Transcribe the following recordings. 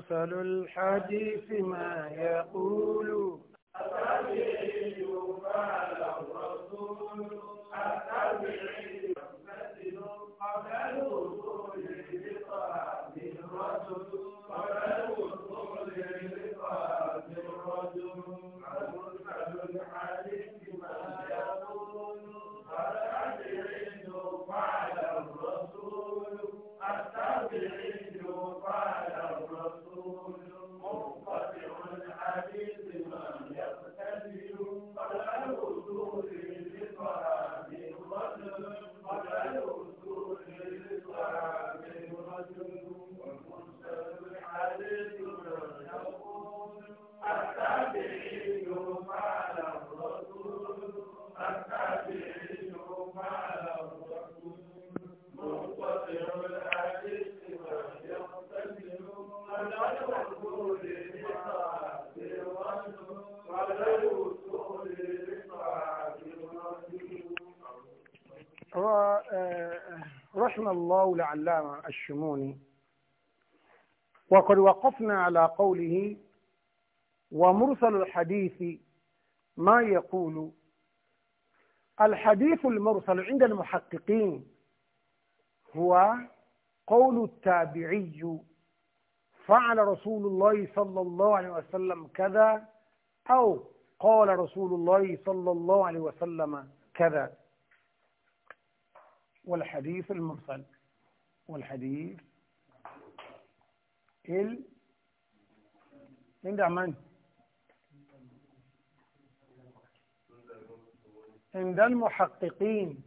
أوصل الحديث ما يقول التابعي قال الرسول التابعي ترى رحم الله لعلام الشموني وقد وقفنا على قوله ومرسل الحديث ما يقول الحديث المرسل عند المحققين هو قول التابعي فعل رسول الله صلى الله عليه وسلم كذا أو قال رسول الله صلى الله عليه وسلم كذا والحديث المرسل والحديث ال عند من عند المحققين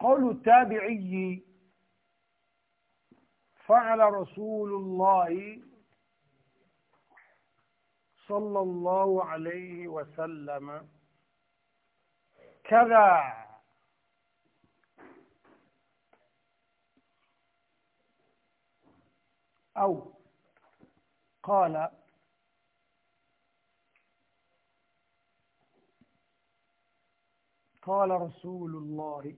قول التابعي فعل رسول الله صلى الله عليه وسلم كذا أو قال قال رسول الله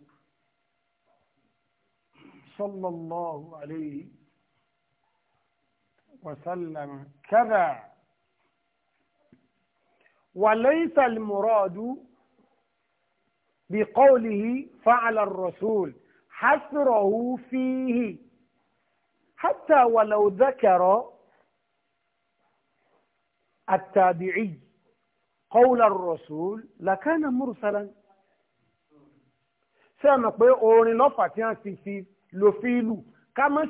صلى الله عليه وسلم كذا وليس المراد بقوله فعل الرسول حصره فيه حتى ولو ذكر التابعي قول الرسول لكان مرسلا sẹ́mi بي orin lọ́fà tí سي سي fi lò fi lù ká mọ̀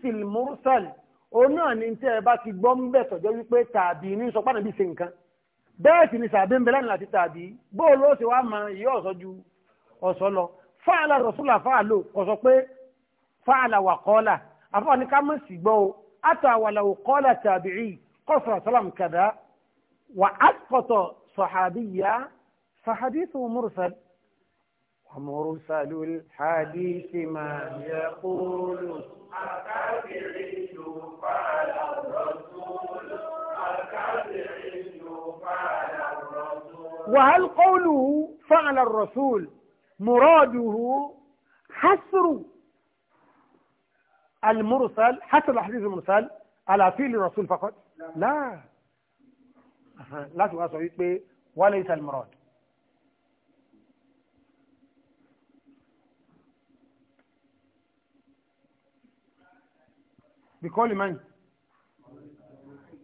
sí òun náà ni tẹ́ ẹ bá ti gbọ́ ń bẹ̀ tọ̀jọ́ wípé tàbí ní sọ pàdánù bí ṣe nǹkan bẹ́ẹ̀ sì ni sàbẹ̀ ń bẹ lánàá àti tàbí bó ló ṣe wá máa yí ọ̀sọ́ ju ọ̀sọ́ lọ fáàlà rọ̀ṣúlà fáàlò kò sọ pé fáàlà wà kọ́ọ́là àfọwọ́ ni ká mọ̀ sí gbọ́ o àtọ̀ àwàlà ò kọ́ọ́là tàbí rí kọ́sọ̀ sálàm kàdá wà á kọ̀tọ̀ sọ̀hàbíyà مرسل الحديث ما يقول الرسول الرسول وهل قوله فعل الرسول مراده حصر المرسل حصر الحديث المرسل على فعل الرسول فقط لا لا تقول وليس المراد بقول من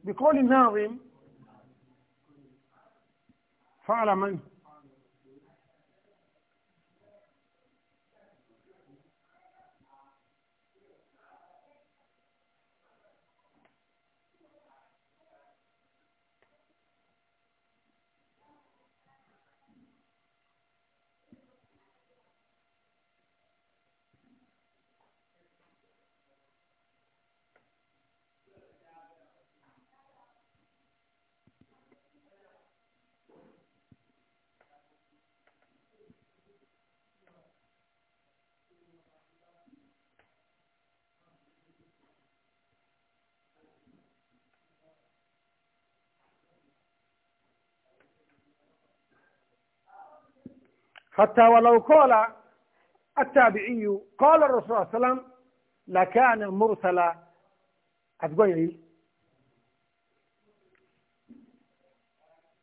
بقول ناظم فعل من حتى ولو قال التابعي قال الرسول صلى الله عليه وسلم لكان مرسلا أتقول لي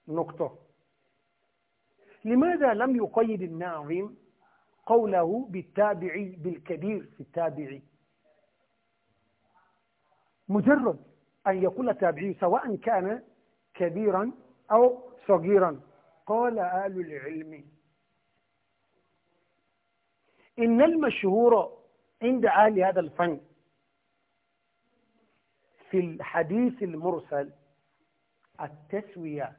نقطة لماذا لم يقيد الناظم قوله بالتابعي بالكبير في التابعي مجرد أن يقول التابعي سواء كان كبيرا أو صغيرا قال أهل العلم إن المشهور عند أهل هذا الفن في الحديث المرسل التسوية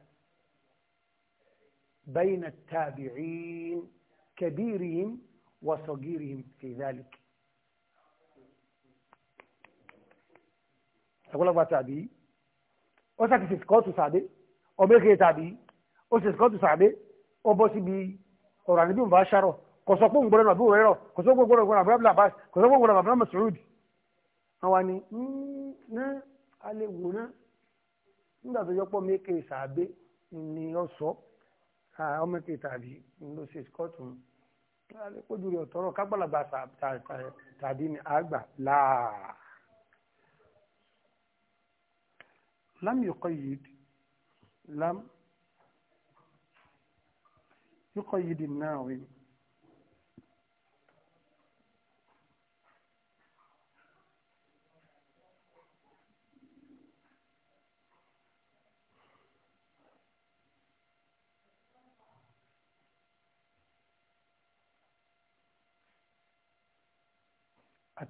بين التابعين كبيرهم وصغيرهم في ذلك أقول لك بقى تعبي أسك سيسكوت سعدي أو ميخي تعبي أو سيسكوت سعدي أو بوسي بي أو رانبي مباشرة kò sọ pé òun gbọ́dọ̀ nàbí òwúrẹ́rọ̀ kò sọ pé òun gbọ́dọ̀ gbọ́dọ̀ àbúrò abúlé abas kò sọ pé òun gbọ́dọ̀ àbúrò masoud àwa ni ná alẹ́ wò ná nígbà tó yọpọ̀ méke sàbẹ̀ ni ọ sọ ọmọ èké tàbí ló ṣe kọ́ọ̀tù kójú rẹ̀ ọ̀tọ́rọ̀ kágbàlagbà tàbí ni àgbà láà lam yuqayyid lam yuqayyid an-Nawawi.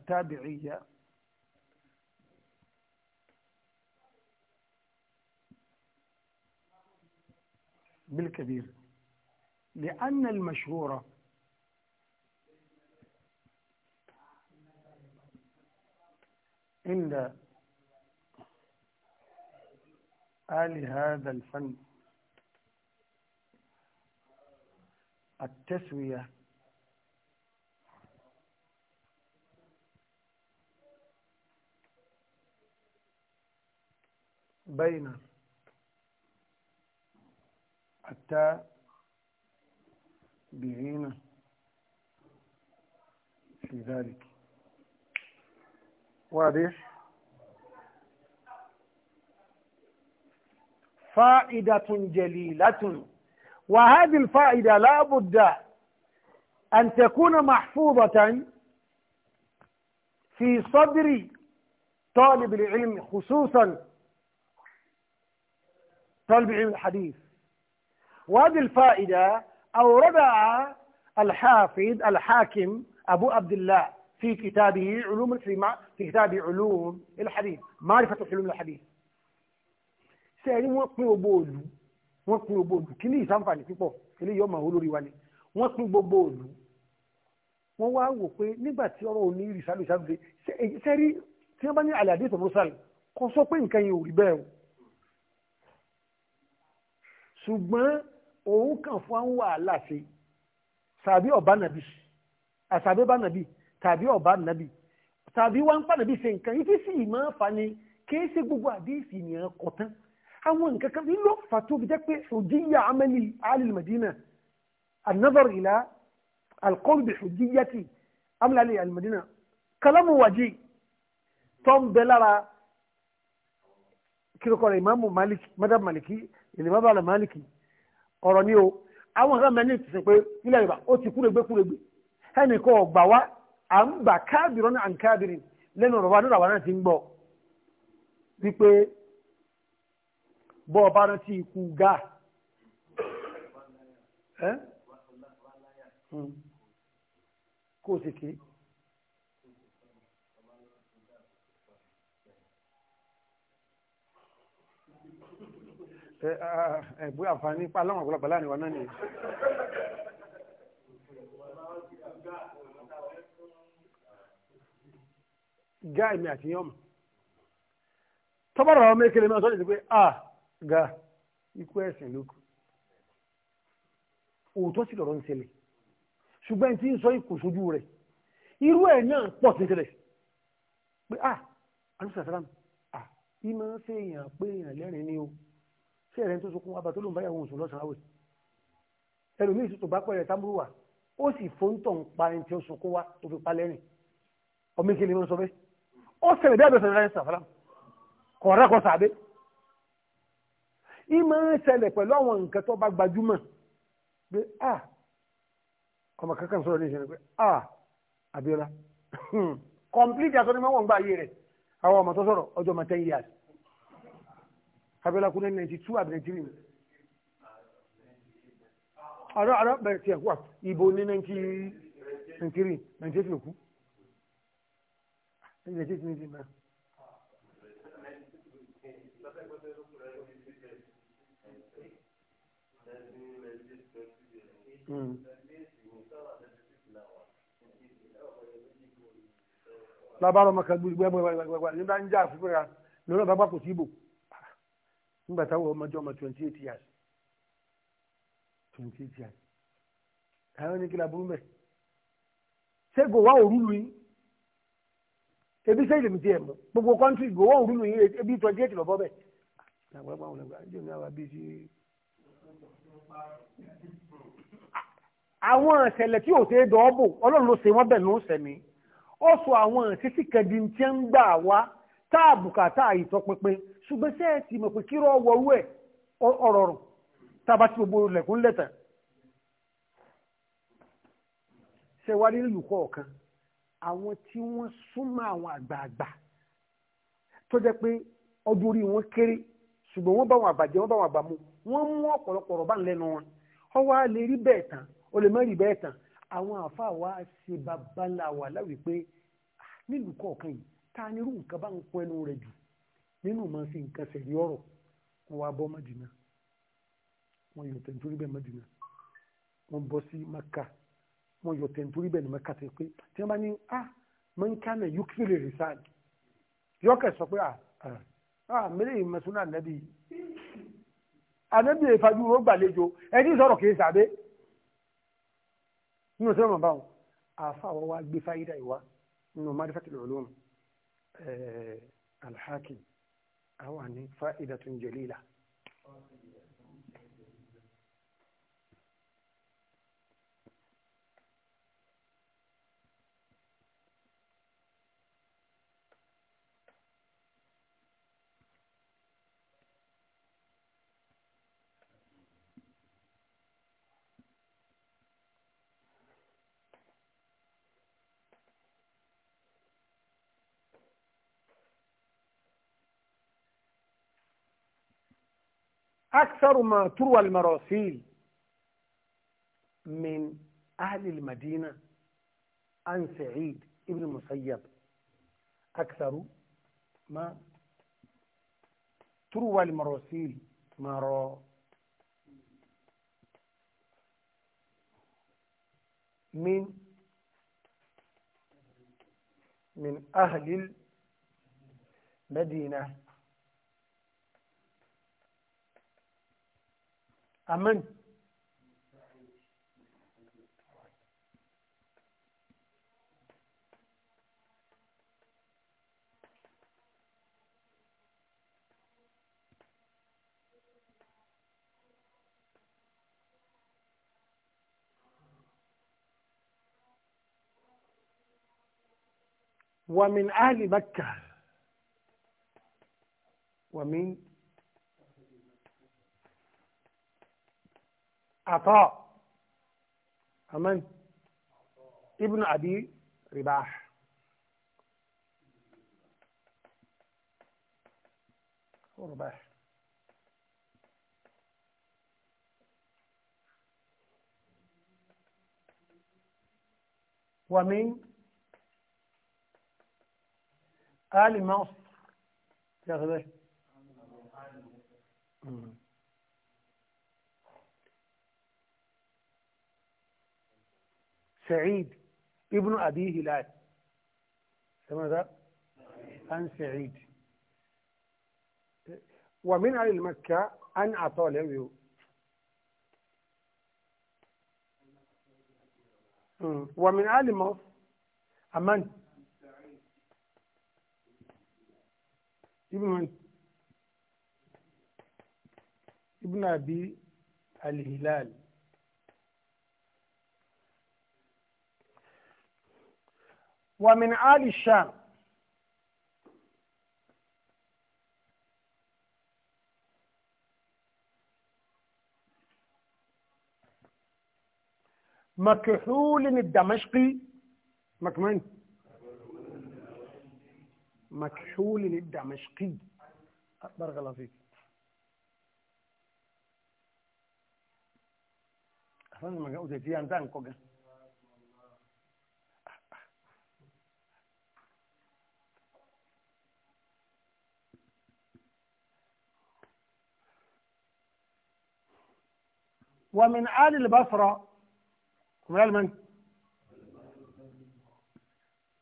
التابعية بالكبير لأن المشهورة عند آل هذا الفن التسوية بين التابعين في ذلك واضح فائدة جليلة وهذه الفائدة لا بد أن تكون محفوظة في صدر طالب العلم خصوصا طلب علم الحديث وهذه الفائدة أوردها الحافظ الحاكم أبو عبد الله في كتابه علوم في كتابه علوم الحديث معرفة علوم الحديث سيري وقن وبود وقن وبود كلي سامفاني كيبو كلي يوم هولو ريواني وقن وبود wọ́n wá wò pé nígbà tí ọ̀rọ̀ ò ní ìrìsàlùsàlù ṣe é ṣe rí tí wọ́n bá ní àlàdé tó rọ́sàlù kò sọ pé nǹkan yìí ò rí bẹ́ẹ̀ o ni irisalusalu se e se ri ti won ba ni alade to ṣùgbọ́n òun kàn fún àwọn wàhálà ṣe sàbí ọ̀bá nàbì àsàbí ọba nàbì tàbí ọba nàbì tàbí wọn pa nàbì ṣe nǹkan ife sì máa fa ni kìí ṣe gbogbo àdéhìsì ènìyàn kọ tán àwọn nǹkan kan ló fà tó fi jẹ́ pé hujjiyya amali alil madina an-nazar ila al-qawl bi hujjiyyati amali alil madina kalamu wàjí tó ń bẹ lára kírokọrọ ìmáàmù madam maliki ìní bàbá àlọ́ máàlìkì ọ̀rọ̀ ni o àwọn ọ̀rọ̀ mẹ́rin ti sìn pé nílẹ̀ yorùbá ó ti kúrègbè kúrègbè ẹnì kan ọ̀gbà wa à ń bà káàbìrọ̀ náà à ń káàbìrì lẹ́nu ọ̀rọ̀ wa nínú àwa náà ti ń gbọ́ wípé bọ́ ọba náà ti kú gáà hmm. kó o sì kí. ẹ̀bú àǹfààní pa láwọn ọ̀pọ̀lọpọ̀ láàrin wa náà nìyẹn. ga èmi àti yọ́mù tọ́bọ̀rọ̀ ọmọ ekele mẹ́rin sọ́dọ̀ pé a ga ikú ẹ̀sìn lókù òótọ́ sí lọ́rọ̀ ń ṣẹlẹ̀ ṣùgbọ́n tí ń sọ ikú sójú rẹ̀ irú ẹ̀ náà pọ̀ sí ṣẹlẹ̀ pé a anúṣàṣàlámù a ìmọ̀ ń ṣe èèyàn pé èèyàn lẹ́rìn ni o sí ẹ̀rẹ́ tó sunkún wa bàtó ló ń báyàwó oṣù lọ́sàn-án àwẹ̀ ẹlòmíì tó bá pẹ̀rẹ̀ tábúrú wa ó sì fóńtọ̀ ń pa ẹni tí ó sunkún wa tó fi pa lẹ́rìn ọmọ ìkẹlẹ̀ ló ń sọ bẹ́ẹ̀ ó sẹ̀rẹ̀ bí abẹ́sẹ̀ rẹ̀ sàfàlà kọ̀ọ̀rẹ́ kọ sàbẹ́ ìmọ̀ ń ṣẹlẹ̀ pẹ̀lú àwọn nǹkan tó bá gbajúmọ̀ pé a ọmọ kankan sọ̀rọ̀ ní ìṣẹ̀lẹ̀ pé a Abíọ́lá abẹ́lá kú ní ninety two àbí ninety three àrọ́ àrọ́ bẹ̀rẹ̀ tiẹ̀ wà ìbò ní ninety three ninety eight ló kú ninety eight ninety nine. Mm. lábàárọ̀ mọ̀kàgbé gbẹ́gbẹ́gbẹ́gbẹ́gbẹ́ nígbà ń jà fúnra lórí ọ̀bá gbàkó sí ibò nígbà táwọn ọmọdé ọmọ twenty eight years twenty eight years àwọn ní kí la burú mẹ́ ṣé gòwá òrùlù yìí ebi ṣe ìlèmí tiẹ̀ mọ́ gbogbo kọ́ńtì gòwá òrùlù yìí ebi twenty eight lọ́bọ́ bẹ́ẹ̀ làwọn ẹgbẹ́ àwọn ẹgbẹ́ àjọ ní àwọn abíyí àwọn ìṣẹ̀lẹ̀ tí ò ṣe é dọ́ọ́bò ọlọ́run ló ṣe wọ́n bẹ̀ ló ń sẹ̀mí ó sọ àwọn ìṣesí kẹdìntì ń gbà wá táàbùkà táà ìtọ́pinpin ṣùgbọ́n ṣé ẹ ti mọ̀ pé kíró ọwọ́rú ẹ̀ ọ̀rọ̀ rùn tába tí gbogbo lẹ̀kún ṣe wá kọ̀ọ̀kan àwọn tí wọ́n súnmọ́ àwọn àgbààgbà tó jẹ́ pé ọdún orí wọn kéré ṣùgbọ́n wọ́n wọn àbàjẹ́ wọ́n bá wọn àbàmú wọ́n mú ọ̀pọ̀lọpọ̀ ọ̀rọ̀ bá ń lẹ́nu wọn ọwọ́ a lè rí bẹ́ẹ̀ tán o lè ah, nílùú kọ̀ọ̀kan yìí ta ni irú nǹkan bá ń nínú ma fi nǹkan sẹ̀rí ọ̀rọ̀ wọn wá bọ́ Madina wọn yọ tẹ̀ntúrí bẹ́ẹ̀ Madina wọn bọ́ sí Maka wọn yọ tẹ̀ntúrí bẹ́ẹ̀ ní Maka tẹ̀ pé tí wọ́n bá ní ah mọ̀nká náà yóò kílè rè sáà yọkẹ̀ sọ pé ah ah, ah mẹ́lẹ̀ yìí mẹ́sùn ànábì ànábì ìfajú ó gbàlejò ẹni sọ̀rọ̀ kìí sàbẹ́ nínú sọ́rọ̀ bá wọn àfa wa gbé fáyidà ìwá nínú Ma'rifatul Ulum eh, Al-Hakim àwa ní fáìdà tó ń jẹ̀lé ìlà أكثر ما تروى المراسيل من أهل المدينة عن سعيد ابن المسيب أكثر ما تروى المراسيل مرا من من أهل المدينة أمن ومن أهل مكة ومن عطاء أمن ابن أبي رباح رباح ومن آل مصر يا تاخذ سعيد ابن أبي هلال ماذا عن سعيد ومن أهل مكة عن عطاء ومن أهل مصر أمن ابن من ابن أبي الهلال ومن آل الشام مكحول الدمشقي مكمن مكحول الدمشقي أكبر غلطي أفهم ما قلت تتيان تانكو ومن آل البصرة من آل من؟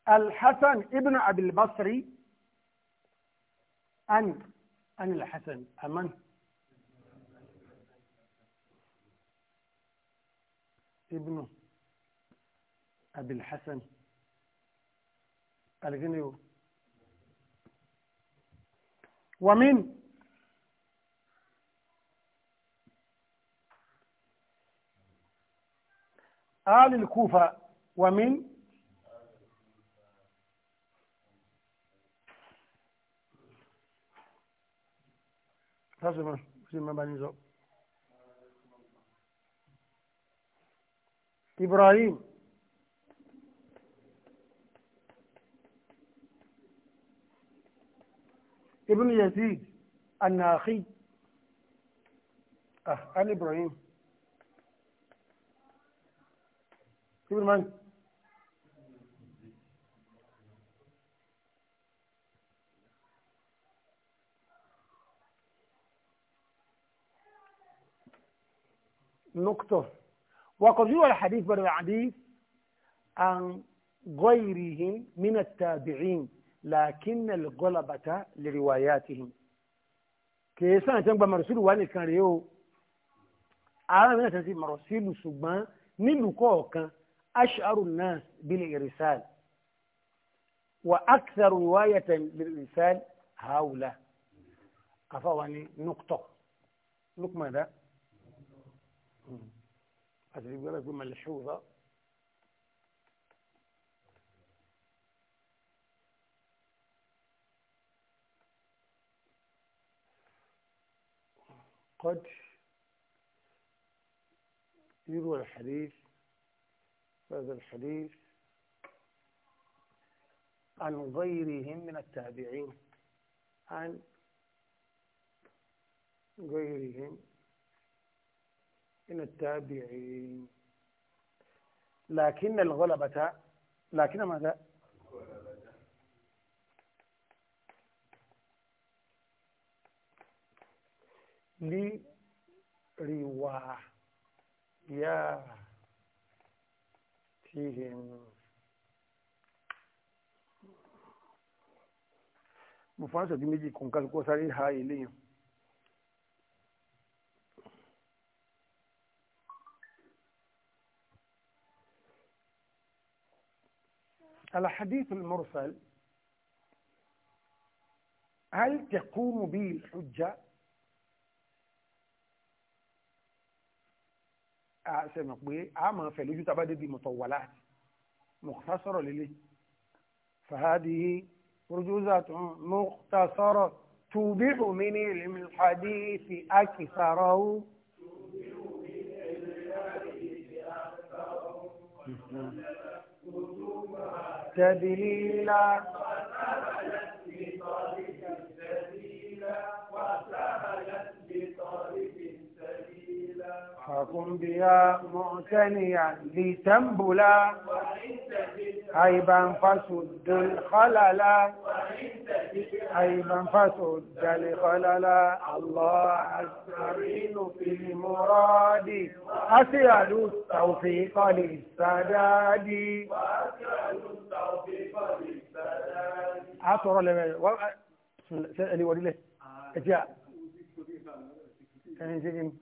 الحسن ابن أبي البصري أن أن الحسن أمن ابن أبي الحسن الغنيو ومن آل الكوفة ومن إبراهيم ابن يزيد الناخي أه إبراهيم Kibir man. نقطة وقد روى الحديث بن الحديث عن غيرهم من التابعين لكن الغلبة لرواياتهم kèésà àti ẹgbà màrùsílù wà nìkan rèé o ààrẹ mìíràn tẹ́sí màrùsílù ṣùgbọ́n nílùú kọ̀ọ̀kan أشعر الناس بالإرسال وأكثر رواية بالإرسال هؤلاء أفواني نقطة نقطة ماذا؟ أدري لك ملحوظة قد يروى الحديث هذا الحديث عن غيرهم من التابعين عن غيرهم من التابعين لكن الغلبة لكن ماذا yeah. فيهم مفاجأة دي ميجي كون هاي لي الحديث المرسل هل تقوم به الحجه sẹ̀mọ̀ pé a máa fẹ̀ lójú tábà débi mutawwalat mukhtasara lélẹ̀ fahadihi rujuzatun mukhtasara tubihu min ilmi al-hadithi aktharahu. تدليلا mhm. فقم بها معتنيا لتنبلا عيبا فسد الخلل عيبا فسد الخلل الله استعين في المراد أسأل التوفيق للسداد أسأل التوفيق للسداد أسأل لما سألي ولي له أجاء كان يجيني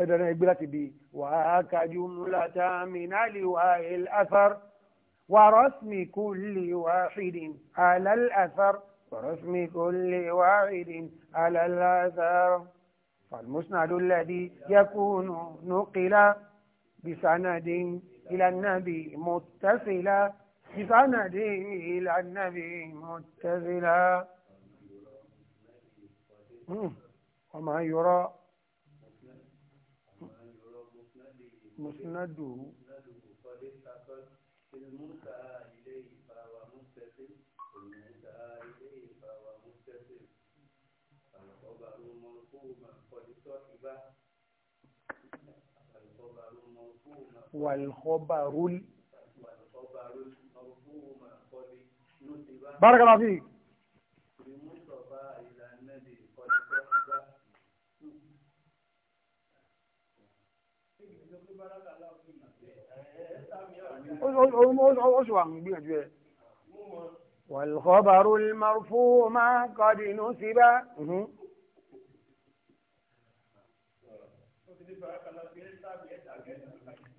ẹ̀dọ̀nà ìgbé لك bí wà جملة من لواء الأثر ورسم كل واحد على الأثر ورسم كل واحد على الأثر فالمسند الذي يكون نقلا بسند إلى النبي متصلا بسند إلى النبي متصلا وما يرى مسنده والخبر بارك الله فيك والخبر المرفوع ما قد نسب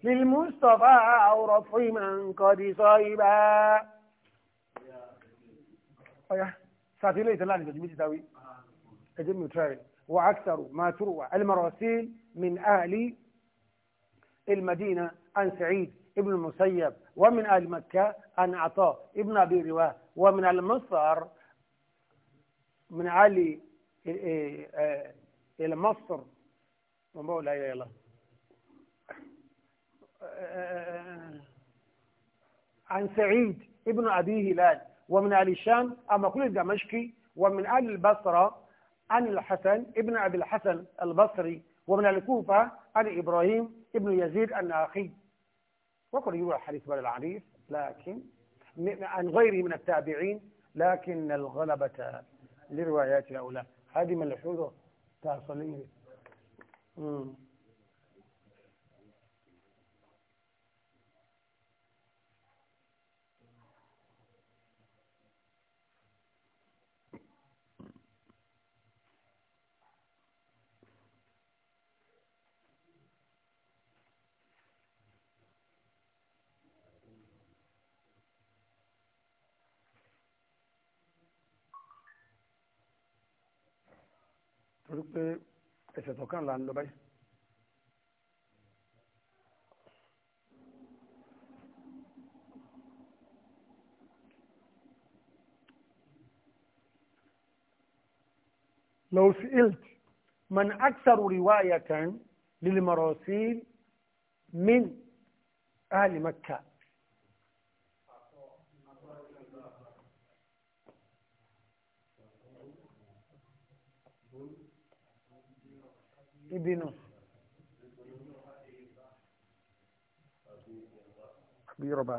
للمصطفى او رفي من قد صيبا أيوه. ساتي وأكثر ما تروى المراسيل من اهل المدينة عن سعيد ابن المسيب ومن أهل مكة عن عطاء ابن أبي رواه ومن المصر من علي إيه، إيه، إيه، إلى مصر وما لا إله عن سعيد ابن أبي هلال ومن أهل الشام أما كل الدمشقي ومن أهل البصرة عن الحسن ابن أبي الحسن البصري ومن الكوفة عن إبراهيم ابن يزيد الناقي وقد يروى الحديث بل العريف لكن عن غيره من التابعين لكن الغلبة لروايات هؤلاء هذه ملحوظة تحصل pé ẹsẹ̀ tọ̀kan là ń lọ báyìí. لو سئلت من أكثر رواية للمراسيل من أهل مكة ìbínú. Bí Yorùbá.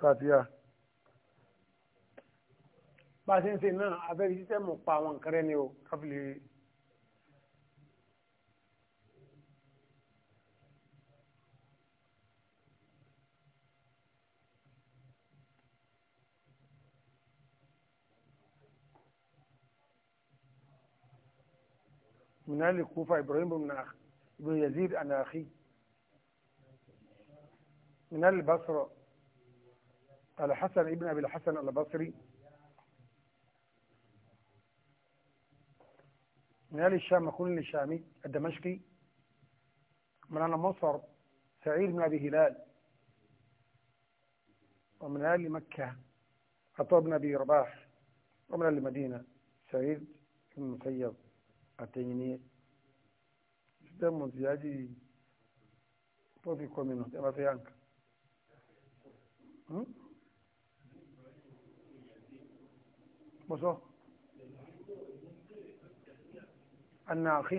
Fatiha. Bá a ṣe ń ṣe náà, abẹ́rẹ́ sísẹ́mù pa àwọn nǹkan rẹ̀ ni o, káfílì. من أهل الكوفة إبراهيم بن أخ بن يزيد أنا أخي من أهل البصرة الحسن ابن أبي الحسن البصري من أهل الشام أكون الشامي الدمشقي من أهل مصر سعيد بن أبي هلال ومن أهل مكة عطاء بن أبي رباح ومن أهل المدينة سعيد بن المسيب àtẹ̀yìn ni sítẹ́mù ti yájí tó fi kọ́ a tẹ́ bá fẹ́ yànk hmm? mọ́sọ́ anáàkí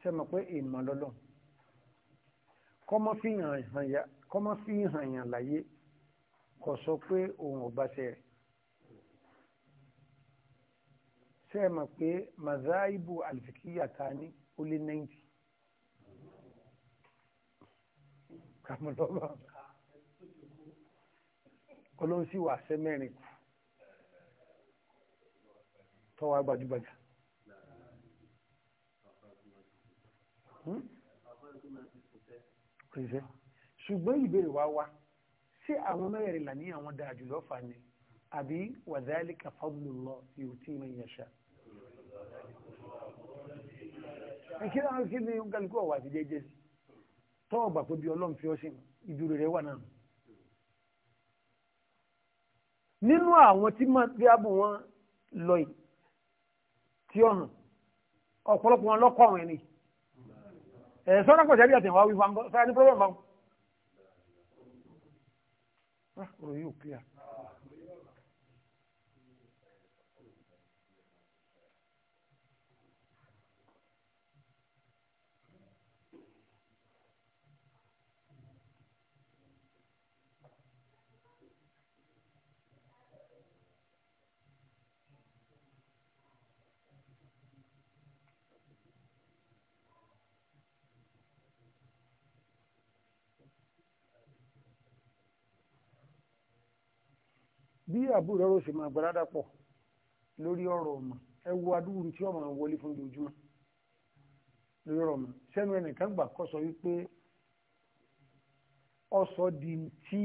sẹ́mọ̀ pé ìmọ̀ lọ́lọ́ kọ́mọ́ fi hàn yàn láyé kò sọ pé òun ò bá ṣe rẹ̀ ṣe é mọ̀ pé mazaibu alifikiya ta ní ó lé 90 kàmùlọ́bà olóhùn sí wà ṣe mẹ́rin kù tọ́wọ́ gbajúgbajà hmm? kìrìsẹ́ ṣùgbọ́n ìbéèrè wa wá sí àwọn mẹ́rin là ní àwọn dáa ní àbí wàzálíkà fadlullah yóò tí ìmọ̀ ìyẹ̀ṣà kí ló ń kí ni ó kálukú ọ̀wà àti jẹjẹ sí tọ́wọ́ gbà pé bí ọlọ́run fi ọṣìn ìdúró rẹ̀ wà náà nínú àwọn tí máa bí abù wọn lọ yìí tí ọ̀nà ọ̀pọ̀lọpọ̀ wọn lọ́kọ̀ àwọn ẹni ẹ̀ sọ́nà pọ̀ sẹ́bí àtẹ̀wá wí fáńbọ́ sáyà ní pọ́lọ́mù báwọn. Ah, bí àbúrò rẹ̀ ṣe máa gbàdádà pọ̀ lórí ọ̀rọ̀ ọmọ ẹ wo adúrú tí ọmọ wọlé fún ojoojúmọ́ lórí ọ̀rọ̀ ọmọ sẹ́nu ẹnìkan gbà kọ́ sọ wípé ọsọ di tí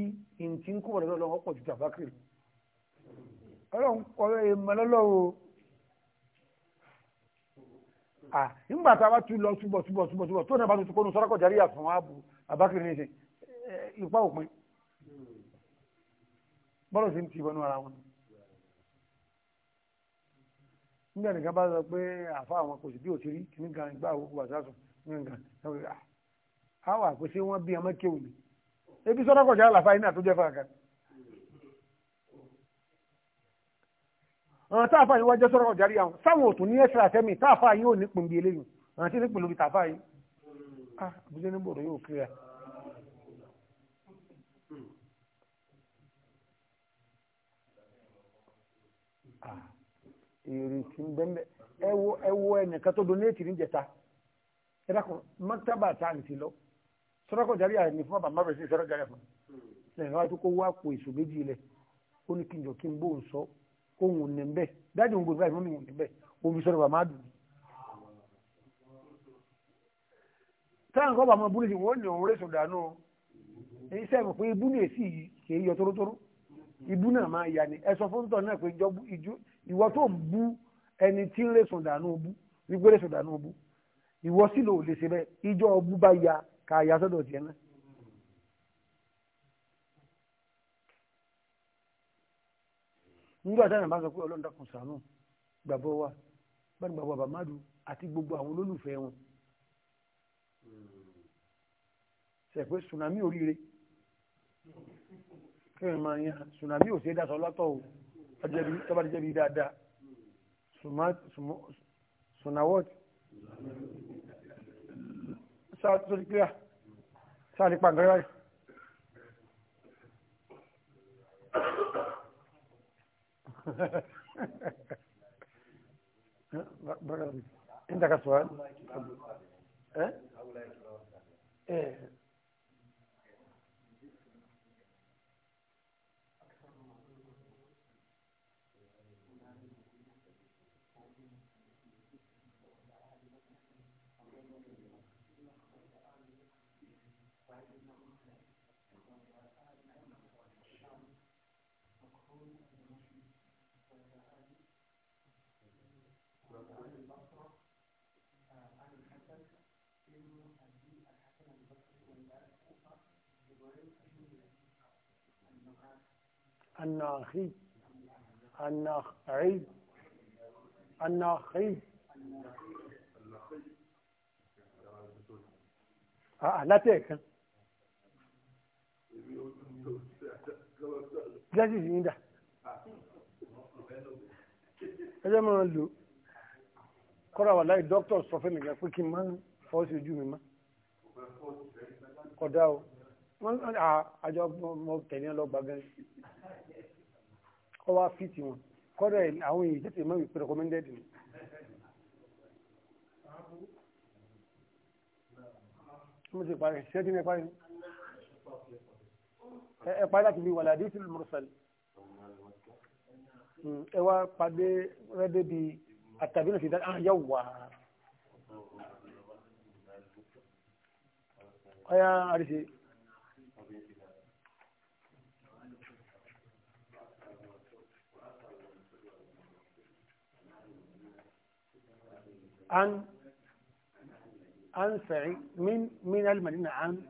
ntí ń kó wọlé lọ́wọ́ pọ̀ ju tàbákìrì ọlọ́run ọ̀rọ̀ èèmọ̀ lọ́lọ́wọ́ à nígbà tá a bá tún lọ túbọ̀ túbọ̀ túbọ̀ tó náà bá tún kó nu sọ́rọ́kọ̀ járí àfọ̀n àbákìrì ní ìsìn ipá òpin bọ́rọ̀ sí ti wọnú ara wọn nígbà nìkan bá sọ pé àfa àwọn kò sí bí òṣèré kìíní kan ìgbà òkú àsásùn nǹkan nǹkan ah, àwọn àpèsè wọn bí ọmọ kéwù ni ebi sọ́dọ̀ kọjá àlàfà iná àtúnjẹ fàkà àwọn táàfà yìí wájẹ́ sọ́dọ̀ kọjá rí àwọn sáwọn òtún ní ẹ̀sẹ̀ àtẹ́mì táàfà yìí ò ní pòǹbì eléyìí àwọn tí ní pòǹbì tààfà yìí ah àbújẹ́ níbòrò yóò kíra Ah, èrè tí ń bẹ́ẹ̀ ẹwọ ẹwọ ẹnìkan tó donate ní jẹta ẹ dákun mọ́tàbà tá à ń ti lọ sọ́dọ́kọ̀ járí àyè fún bàbá má sí sọ́dọ̀ járí àfọ̀n lẹ́yìn tó kó wá po èso méjì ilẹ̀ ó ní kí n jọ kí n ohun ní bẹ́ẹ̀ dájú òun gbòdúrà ìmọ̀ bẹ́ẹ̀ omi bàmá dùn. kọ́ bàmọ́ búrẹ́sì wọ́n ní òun rẹ̀ pé ibú náà máa yà ni ẹ sọ fún tọ̀ náà pé ìwọ tó ń bú ẹni tí ń lè sùn dànù bú wípé lè sùn dànù bú ìwọ sì lò lè ṣe bẹ́ẹ̀ ìjọ ọbú bá ya ká ya sọ́dọ̀ tiẹ̀ náà. nígbà táwọn àbá sọ pé ọlọ́run dákun ṣàánú gbàgbọ́ wa bẹ́ẹ̀ gbàgbọ́ bàbá mádù àti gbogbo àwọn olólùfẹ́ wọn ṣe pé tsunami oríire kírin máa yán tsunami ò sí é dáṣọ lọ́tọ̀ o tọ́bá ti jẹ́bi dáadáa sunawot sọ́tí kíá sáàrí pàǹgẹ́rẹ́ rẹ̀ bọ́rọ̀ ní ìdákàtọ̀ ẹ́ الناخي الناخعي الناخي آه لا تيك لا تيجي ده ẹjẹ́ máa lò kọ́ra wà láì dókítọ̀ sọ fún mi pé kí n máa fọ́ sí ojú mi má kọ̀dá o wọ́n àjọ mọ̀ tẹ̀lé ọlọ́gbà gan ọwọ́ fíìtì wọn kọ́dọ̀ àwọn èyí tètè mọ́ ìpè recommended ni. mo ti parí ṣé kí ni ẹ parí ẹ parí láti fi wàlàdí sí mursal ẹ wá pàdé rẹ́dẹ́ bíi àtàbí náà fi dáná ah, yà wà. ọ̀ya àrísè. أن أنفعي من من المدينة عن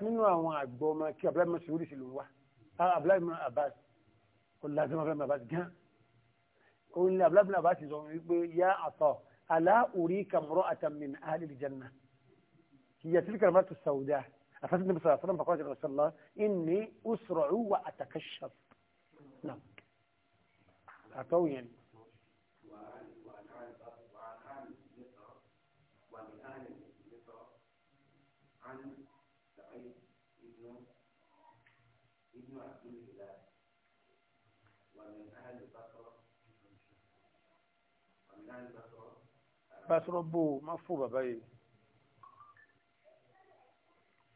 من هو عبدو ما كابلا ما سوري سلوا أبلا من أباس كل لازم أبلا من أباس جان كل أبلا من أباس يزوم يا عطا ألا أريك امرأة من أهل الجنة هي تلك المرأة السوداء فسيدنا النبي صلى الله عليه وسلم فقال يا رسول الله إني أسرع وأتكشف نعم أتوا يعني. بس ربو مفهومه إيه. بقى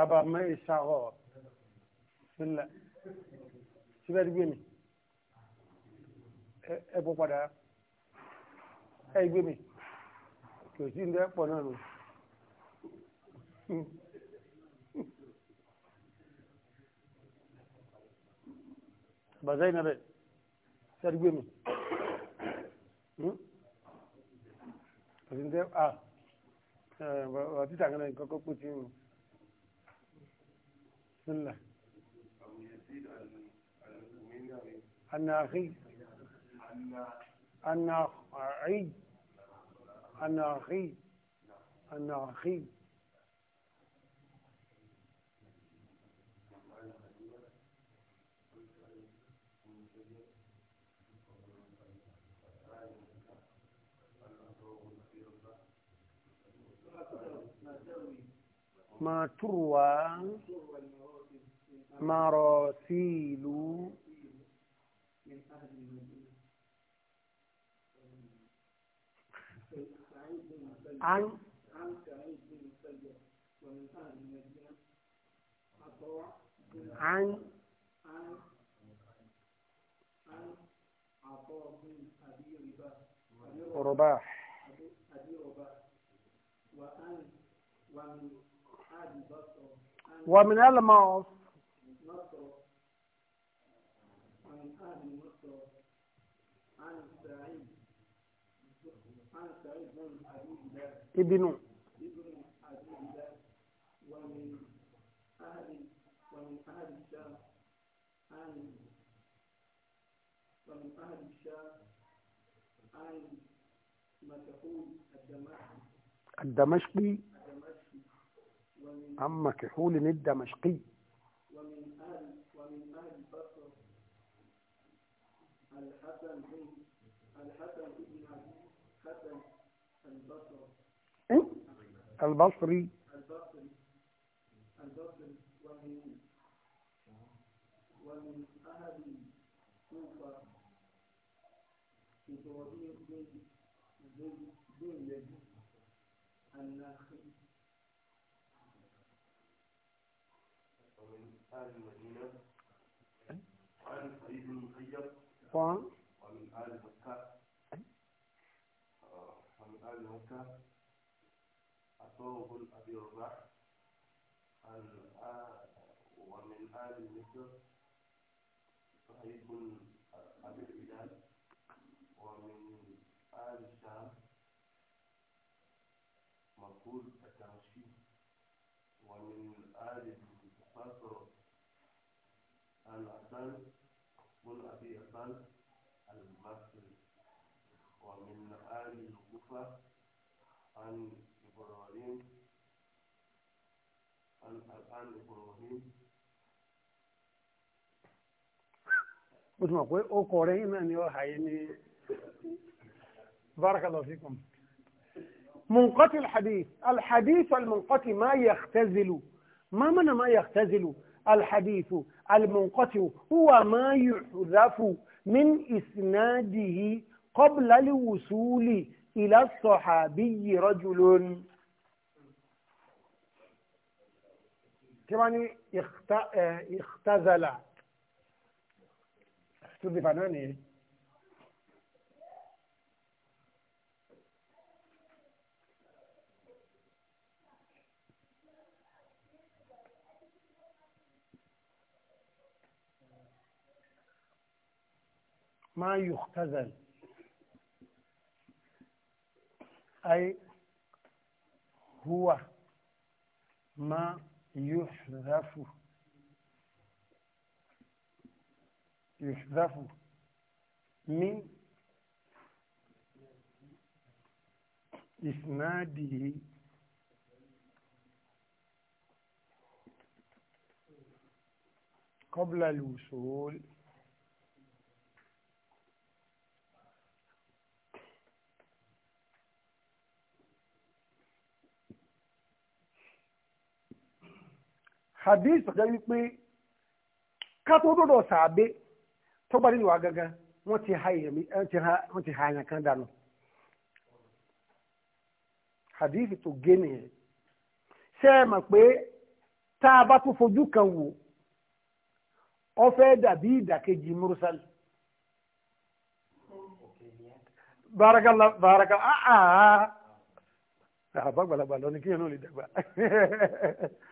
aba mai shago sila síbẹ̀ gbé mi ẹ e, e bọ́ padà ẹ e gbé mi kò sí ní ẹ̀pọ̀ náà nù bàzá iná bẹ̀ síbẹ̀ gbé mi hmm? kò sí ní ẹ̀pọ̀ ah ẹ̀ bàtí tàgánà ìkọ́kọ́ pò tí بسم الله أن أخي أن أخي ما تروى مراسيل عن عن رباح ومن المعاصي مصر أهل مصر عن عن بن ابن ابن ومن أهل ومن أهل الشام عن ومن أهل الشام عن مكحول الدمشقي الدمشقي كحول الدمشقي الحسن بن الحسن بن أبي حسن البصري إيه؟ البصري البصري البصري ومن ومن أهل الكوفة إبراهيم بن بن يزيد الناخي ومن أهل و ومن آل مكة ومن آل مكة أبي رباح ومن آل مصر عن إبراهيم عن عن إبراهيم وتما أو قريم أن يوحيني بارك الله فيكم منقطع الحديث الحديث المنقطع ما يختزل ما من ما يختزل الحديث المنقطع هو ما يحذف من إسناده قبل الوصول إلى الصحابي رجل كمان اخت... اختزل اختزل فنان ما يختزل أي هو ما يحذف يحذف من إسناده قبل الوصول hadith ọjọ́ wípé kátó dọ̀dọ̀ sàbẹ́ tó bá nínú wa gangan wọ́n ti ha èèyàn kan dànù hadith tó gé nìyẹn ṣé ẹ mọ̀ pé tá a bá tún fojú kan wò ó fẹ́ dàbí ìdàkejì mursal barakallah barakallah ah ah, ah. àbágbàlagbà lọ ni kí ẹ náà lè dàgbà.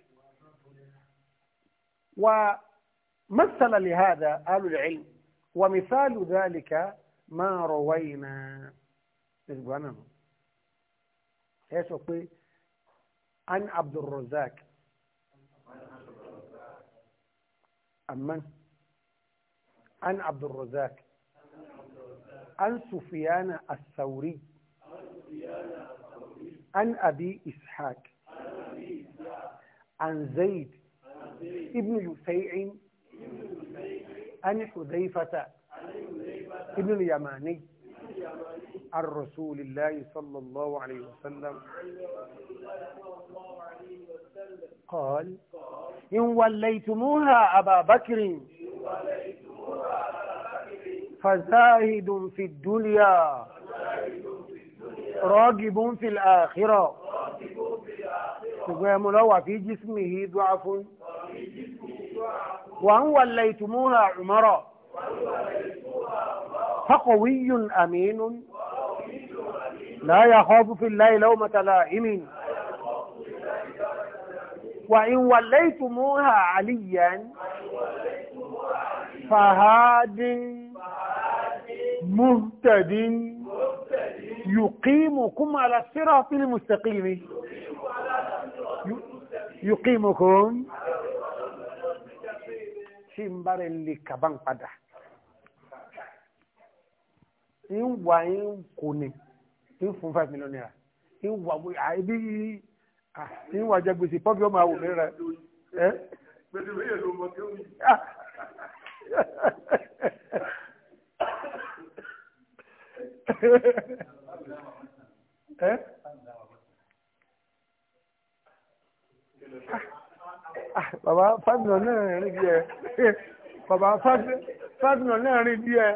ومثل لهذا أهل العلم ومثال ذلك ما روينا إذن أنا عن عبد الرزاق أمن عن عبد الرزاق عن سفيان الثوري عن أبي إسحاق عن زيد ابن يسيع عن حذيفة ابن اليماني عن رسول الله صلى الله عليه وسلم قال إن وليتموها أبا بكر فزاهد في الدنيا راغب في الآخرة تقول في جسمه ضعف وأن وليتموها عمرا فقوي أمين لا يخاف في الله لومة لائم وإن وليتموها عليا فهاد مهتد يقيمكم على الصراط المستقيم يقيمكم tí ń bára lè kàbá ń padà ń wà ń kò ní ń fún five million naira ń wà ibi ń wà jẹ gbèsè pọ́bí ọmọ àwòrán rẹ. gbèsè méjì ló mọ kí ó yìí. Eh? Ah! Ah, bàbá fásitì náà rìn díẹ̀ bàbá fásitì náà rìn díẹ̀.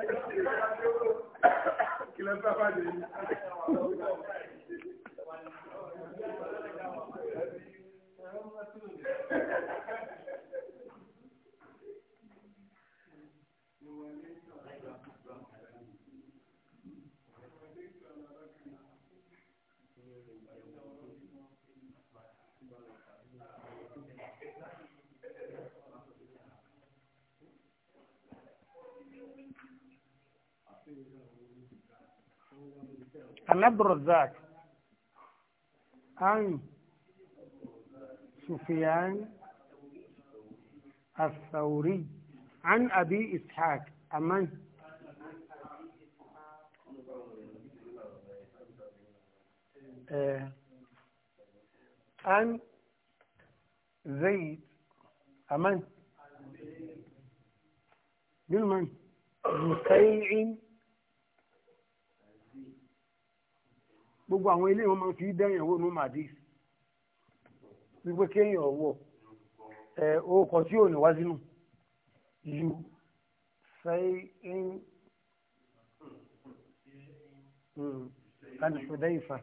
النبي الرزاق عن سفيان الثوري عن أبي إسحاق أمن عن زيد أمن من بكيع gbogbo àwọn ilé wọn máa fi dẹ́yìn owó ní madis wípé kéèyàn ọwọ́ ẹ orúkọ tí ò ní wá sínú yù sẹ́yìn láti ṣọdẹ́ ìfà.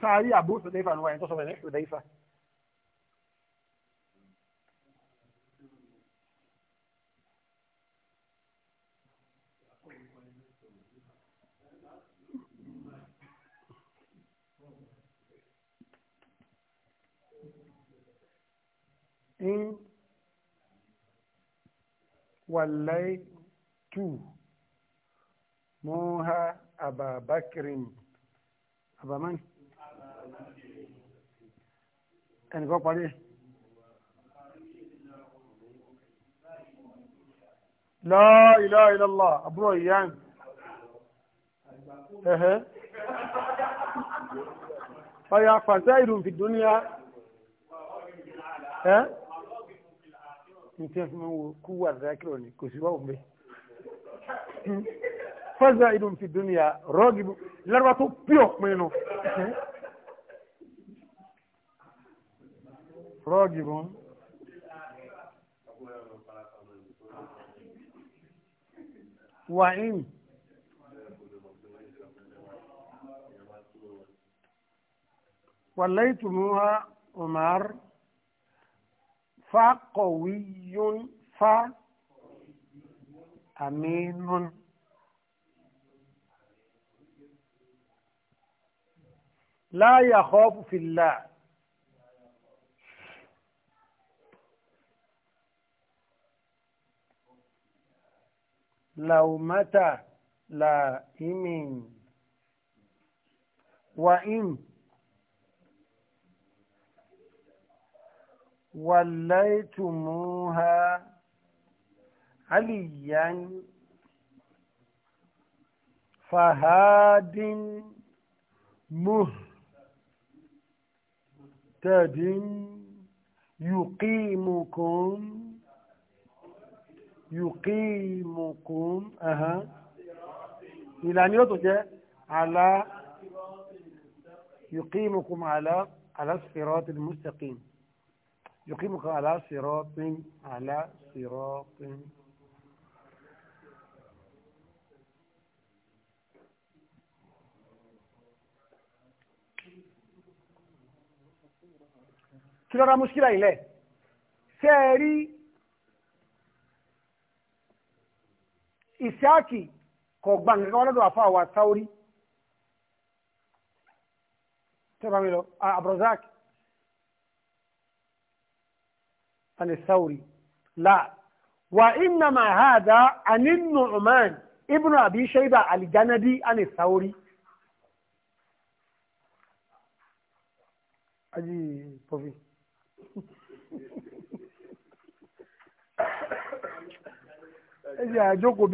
sáárì àbúrò ṣọdẹ́ ìfà ni wáyé tó sọ bẹ̀rẹ̀ ṣọdẹ́ ìfà. in wallaitu muha ababakirin abaman ẹnìkan parí la ilaha illallah àbúrò ìyá ẹ̀hẹ́ ọ̀yà fàṣẹ́ ìrùn fìdúníà ẹ́ ní tí wọ́n fi máa ń wo kú wà dákìrọ̀ ni kò sí wà òun bẹ́ẹ̀. fọ́sà idun fi dúnìyà rọ́ọ̀gì lárúbá tó pure pinnu. rọ́ọ̀gì bọ́n. wàhíìmù. وليتموها عمر faqawiyyun fa aminun. la yakhafu fillah. لومة لائم وإن وليتموها عليا فهاد مهتد يقيمكم يقيمكم أها إلى أن يضج على يقيمكم على على الصراط المستقيم يقيمك على صراط على صراط kí lọ́ra múṣkílà ilẹ̀ سيري é rí ìsáàkì kò gba nǹkan wọn lọ́dọ̀ àfa àwa sáórí tẹ́bàmí àbùrọ̀záàkì عن الثوري لا وإنما هذا عن النعمان ابن أبي شيبة الجندي عن الثوري أجي بوفي أجي أجوكو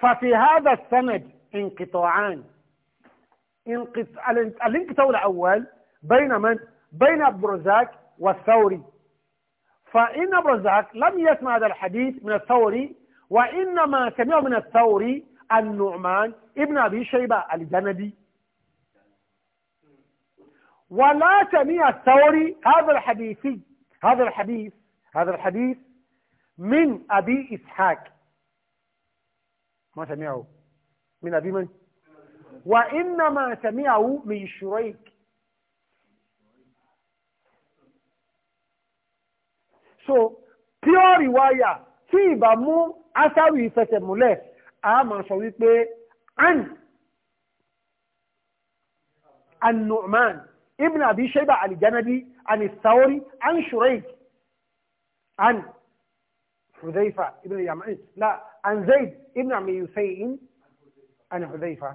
ففي هذا السند انقطاعان الانقطاع الأول بين من؟ بين برزاك والثوري فإن برزاك لم يسمع هذا الحديث من الثوري وإنما سمعه من الثوري النعمان ابن أبي شيبة الجندي ولا سمع الثوري هذا الحديث هذا الحديث هذا الحديث من أبي إسحاق ما سمعه من أبي من؟ وإنما سمعه من شريك so pure riwaya tí ba mú asáwì mule a ma sọ wípé an an-Nu'man ibn Abi Shayba al-Janabi an-Thawri an Shurayk an Hudhayfa ibn Yaman la an Zayd ibn ami Husayn an Hudhayfa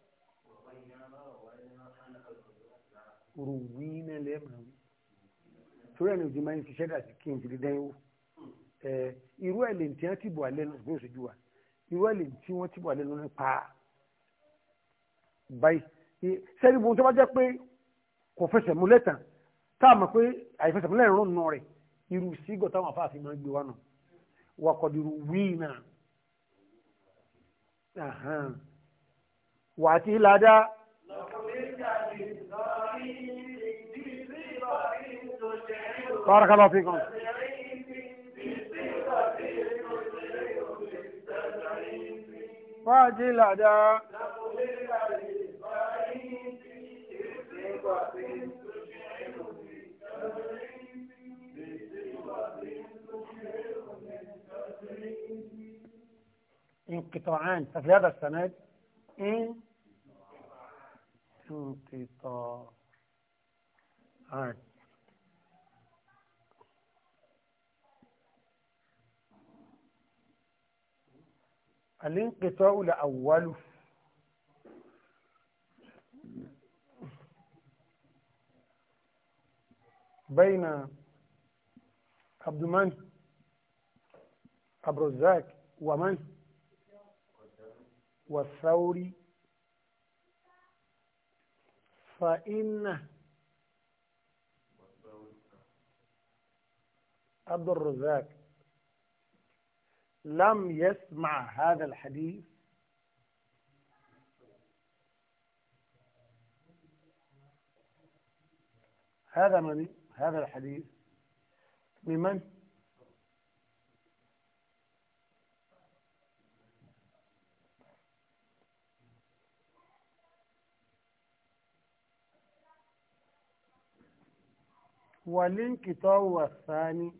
rùwínà lẹ́mọ̀ wí torí ẹni òjì máa ń fi ṣẹ́gà sí kí n ti di dẹ́yìn wò irú ẹ̀ tí wọ́n ti bọ̀ alẹ́ lọ́nà oṣù wa irú ẹ̀ tí wọ́n ti bọ̀ alẹ́ lọ́nà pa báyìí sẹ́ni bóun tó bá jẹ́ pé kò fẹsẹ̀ múlẹ̀ tán tá a mọ̀ pé àìfẹsẹ̀ múlẹ̀ rún nù rẹ̀ irú sígọ̀ táwọn afáàfin máa ń gbé wa nù wakọ̀dìrú wíì náà wàá ti ládàá. بارك الله فيكم واجي الأعداء انقطاعان ففي هذا السند ان انقطاعان الانقطاع الأول بين عبد من عبد الرزاق ومن والثوري فإن عبد الرزاق لم يسمع هذا الحديث هذا من هذا الحديث ممن كتاب الثاني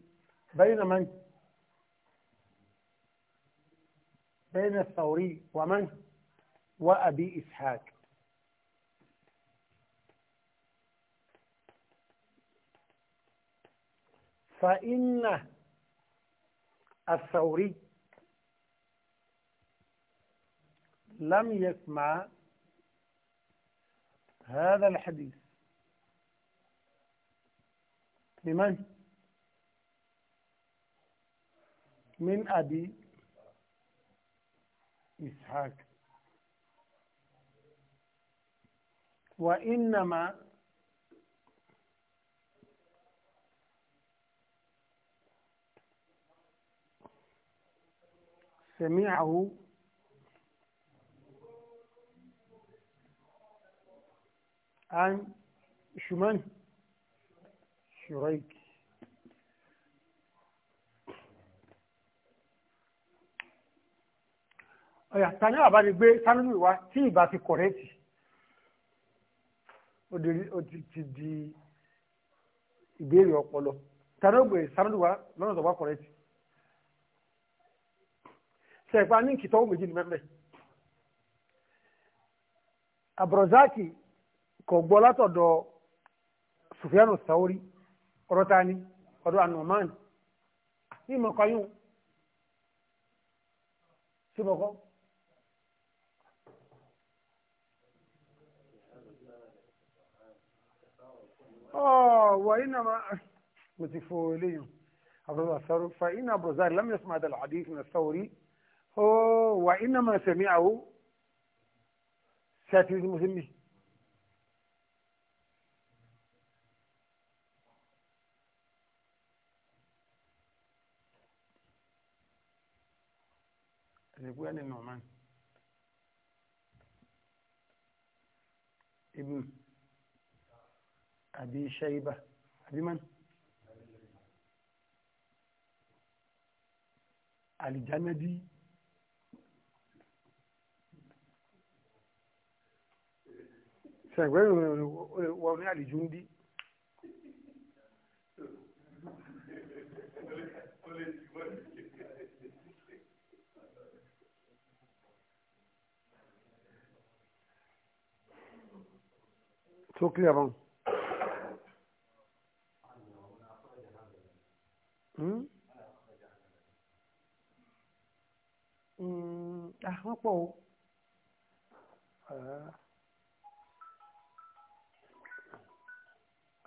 بين من بين الثوري ومن وأبي إسحاق فإن الثوري لم يسمع هذا الحديث لمن؟ من أبي إسحاق وإنما سمعه عن شمن شريك ọ̀yà tani àbá ti gbé sánúlù wá tí ìbá ti kọ̀rẹ́tì ó ti di ìbéèrè ọpọlọ tani ó gbé sánúlù wá lọ́nà tó bá kọ̀rẹ́tì sẹ̀pá ní kìtọ́ méjì ní mẹ́fẹ́ àbùrọ̀záàkì kò gbọ́ látọ̀dọ̀ sùfíànù sáórí ọ̀rọ̀ ta ni ọ̀dọ̀ ànàmán ní ìmọ̀kọ́yún sí mọ̀kọ́. آه وإنما متفولي أبو الثور فإن أبو ذر لم يسمع هذا الحديث من الثوري وإنما سمعه ساتر المهمي يقول النعمان ابن أبي شيبة أبي من؟ الجندي sẹ̀gbẹ́rún wọn ní àlìjúndí tó kílẹ̀ bọ́n àwọn hmm? hmm, ah, pọ̀ o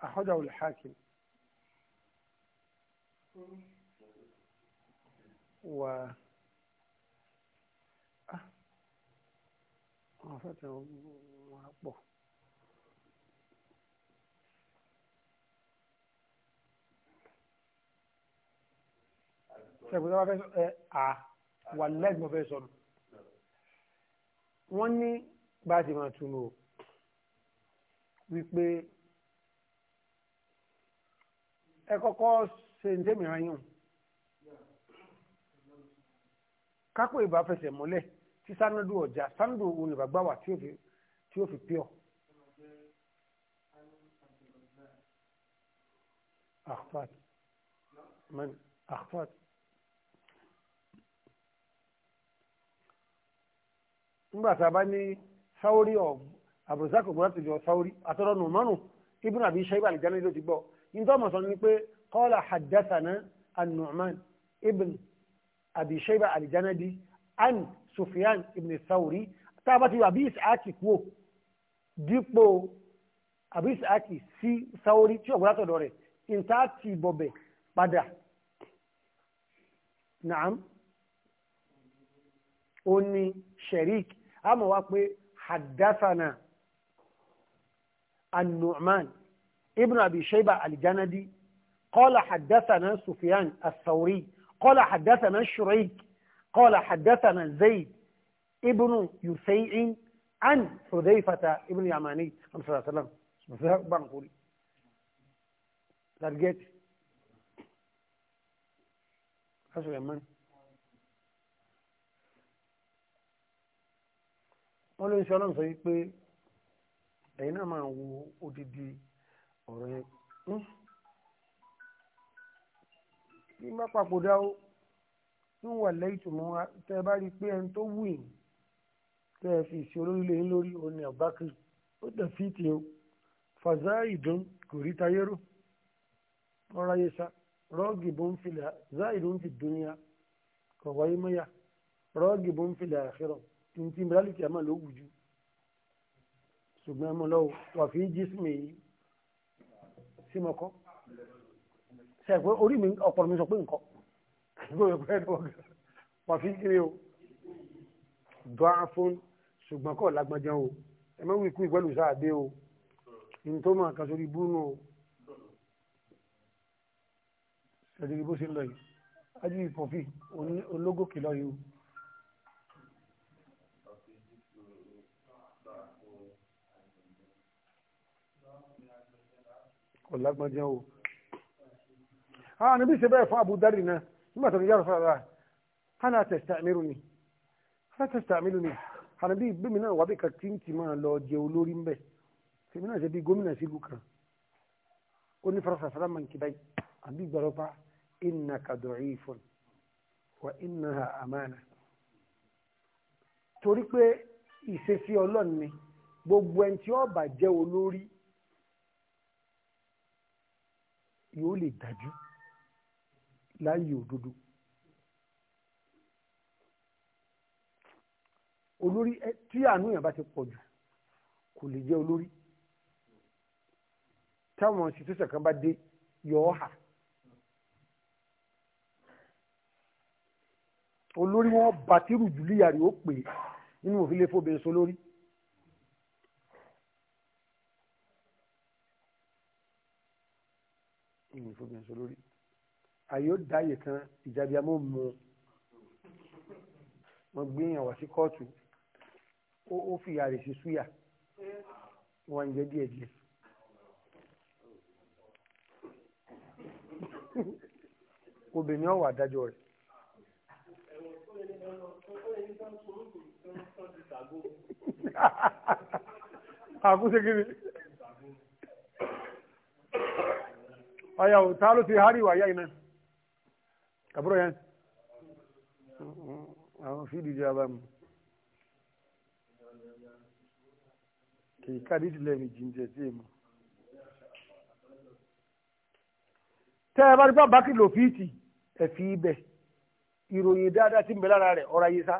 àhọ́jà olùhákì wà àwọn afẹ́tẹ̀ wọn pọ̀. ẹ̀kọ́ tó bá fẹ́ sọ ẹ̀ à wà lẹ́gbẹ̀ẹ́ mo fẹ́ sọnù wọ́n ní bá a ti máa tunu o wípé ẹ kọ́kọ́ ṣe ń tẹ́mìíràn yàn kápò ìbá fẹsẹ̀ mọ́lẹ̀ tí sanadu ọjà sanadu òun tí ó fi pure. أخفات من nígbà tá a bá ní sáórì of abdulsak ogunlati jọ sáórì àtọ́rọ̀ nùmánù ibùn àbí shaiba alìjáná ló ti gbọ́ nítorí ọmọ sọ ni pé kọ́lá hadathana an-nu'man ibn àbí shaiba alìjáná di an sufyan ibn sáórì tá a bá ti àbí isaaki kúò dípò àbí isaaki sí sáórì tí ọ̀gbọ́n látọ̀dọ̀ rẹ̀ ìta ti bọ̀bẹ̀ padà naam ó ní sherik أما وقبي حدثنا النعمان ابن أبي شيبة الجندي قال حدثنا سفيان الثوري قال حدثنا الشريك قال حدثنا زيد ابن يسيع عن حذيفة ابن يماني صلى الله عليه وسلم لرجيت حسن يماني wọ́n ló ń ṣe ọlọ́run sọ yìí pé ẹ̀yin náà máa wo odidi ọ̀rọ̀ yẹn kí hmm. n bá papòdà ó ń wà lẹ́yìn tó mọ́ tẹ́ ẹ bá rí i pé ẹni tó wù yín tẹ́ ẹ fi ìṣe olórílẹ̀ yín lórí òun ni àbákí ó dẹ̀ fi ti o fàzá ìdún kò rí tayé rò ọ̀rọ̀ ayé sá rọ́ọ̀gì bó ń filẹ̀ záìdún fi dùn yá kọ̀wáyé mọ́yà rọ́ọ̀gì bó ń filẹ̀ àfihàn tìǹtì mìíràn kìámà ló wù jù ṣùgbọ́n ẹ mọ lọ́wọ́ wà fi jísìmì yìí sí mọ kọ́ sẹ́gbẹ́ orí mi ọ̀pọ̀ mi sọ pé nǹkan wà fi kiri o dọ́ afún ṣùgbọ́n kọ́ lágbájá o ẹ mọ́ wíkú ìpẹ́lú sáàdé o ní tó máa kan sórí búrúnù o ṣẹ̀dẹ̀ ìbó ṣe lọ yìí ajínigbọ̀fì ológókè lọ yìí o. kò lágbọ́njẹ́ o àwọn ah, níbi ìṣe bẹ́ẹ̀ fún abudari náà nígbà tó ń yára fún ara hana testamiru ni hana testamiru ni hanabi gbẹmí náà wà bí ka tí ń ti máa lọ jẹ olórí ńbẹ tèmi náà ṣe bí gómìnà sílùú kan ó ní farasa sara máa ń kí báyìí àbí gbàlọ́pàá ìnà kàdọ̀rí ìfọ̀n wà ìnà àmàna torí pé ìṣesí ọlọ́run gbogbo ẹni tí ó bá olórí yóò lè dájú láyé òdodo olórí tí àánú yẹn bá ti pọ̀ jù kò lè jẹ́ olórí táwọn ṣìṣẹ́sẹ̀ kan bá dé yọ ọ́ hà olórí wọn bàtírù jùlíyàrí ó pè nínú òfin lè fóbin so lórí ìwé ìfowópamọ́ sọ lórí àyè ó dáyè kan ìjàbí amó mu wọn gbé yàn wá sí kóòtù ó fi àrè sí súyà wọn ń jẹ díẹ̀ díẹ̀. obìnrin ọ̀wà adájọ́ rẹ̀. àkúṣe kiri. ọ̀yà ò tá ló ti hárì wáyà iná àbúrò yẹn àwọn fídì jẹ́ abámu kì í káàdì ìdílé mi jíjẹ sí èmi tẹ́ ẹ bá rí bá bákì lò fíìtì ẹ̀ fi ibẹ̀ ìròyìn dáadáa tí ń bẹ lára rẹ̀ ọ̀rọ̀ ayé sá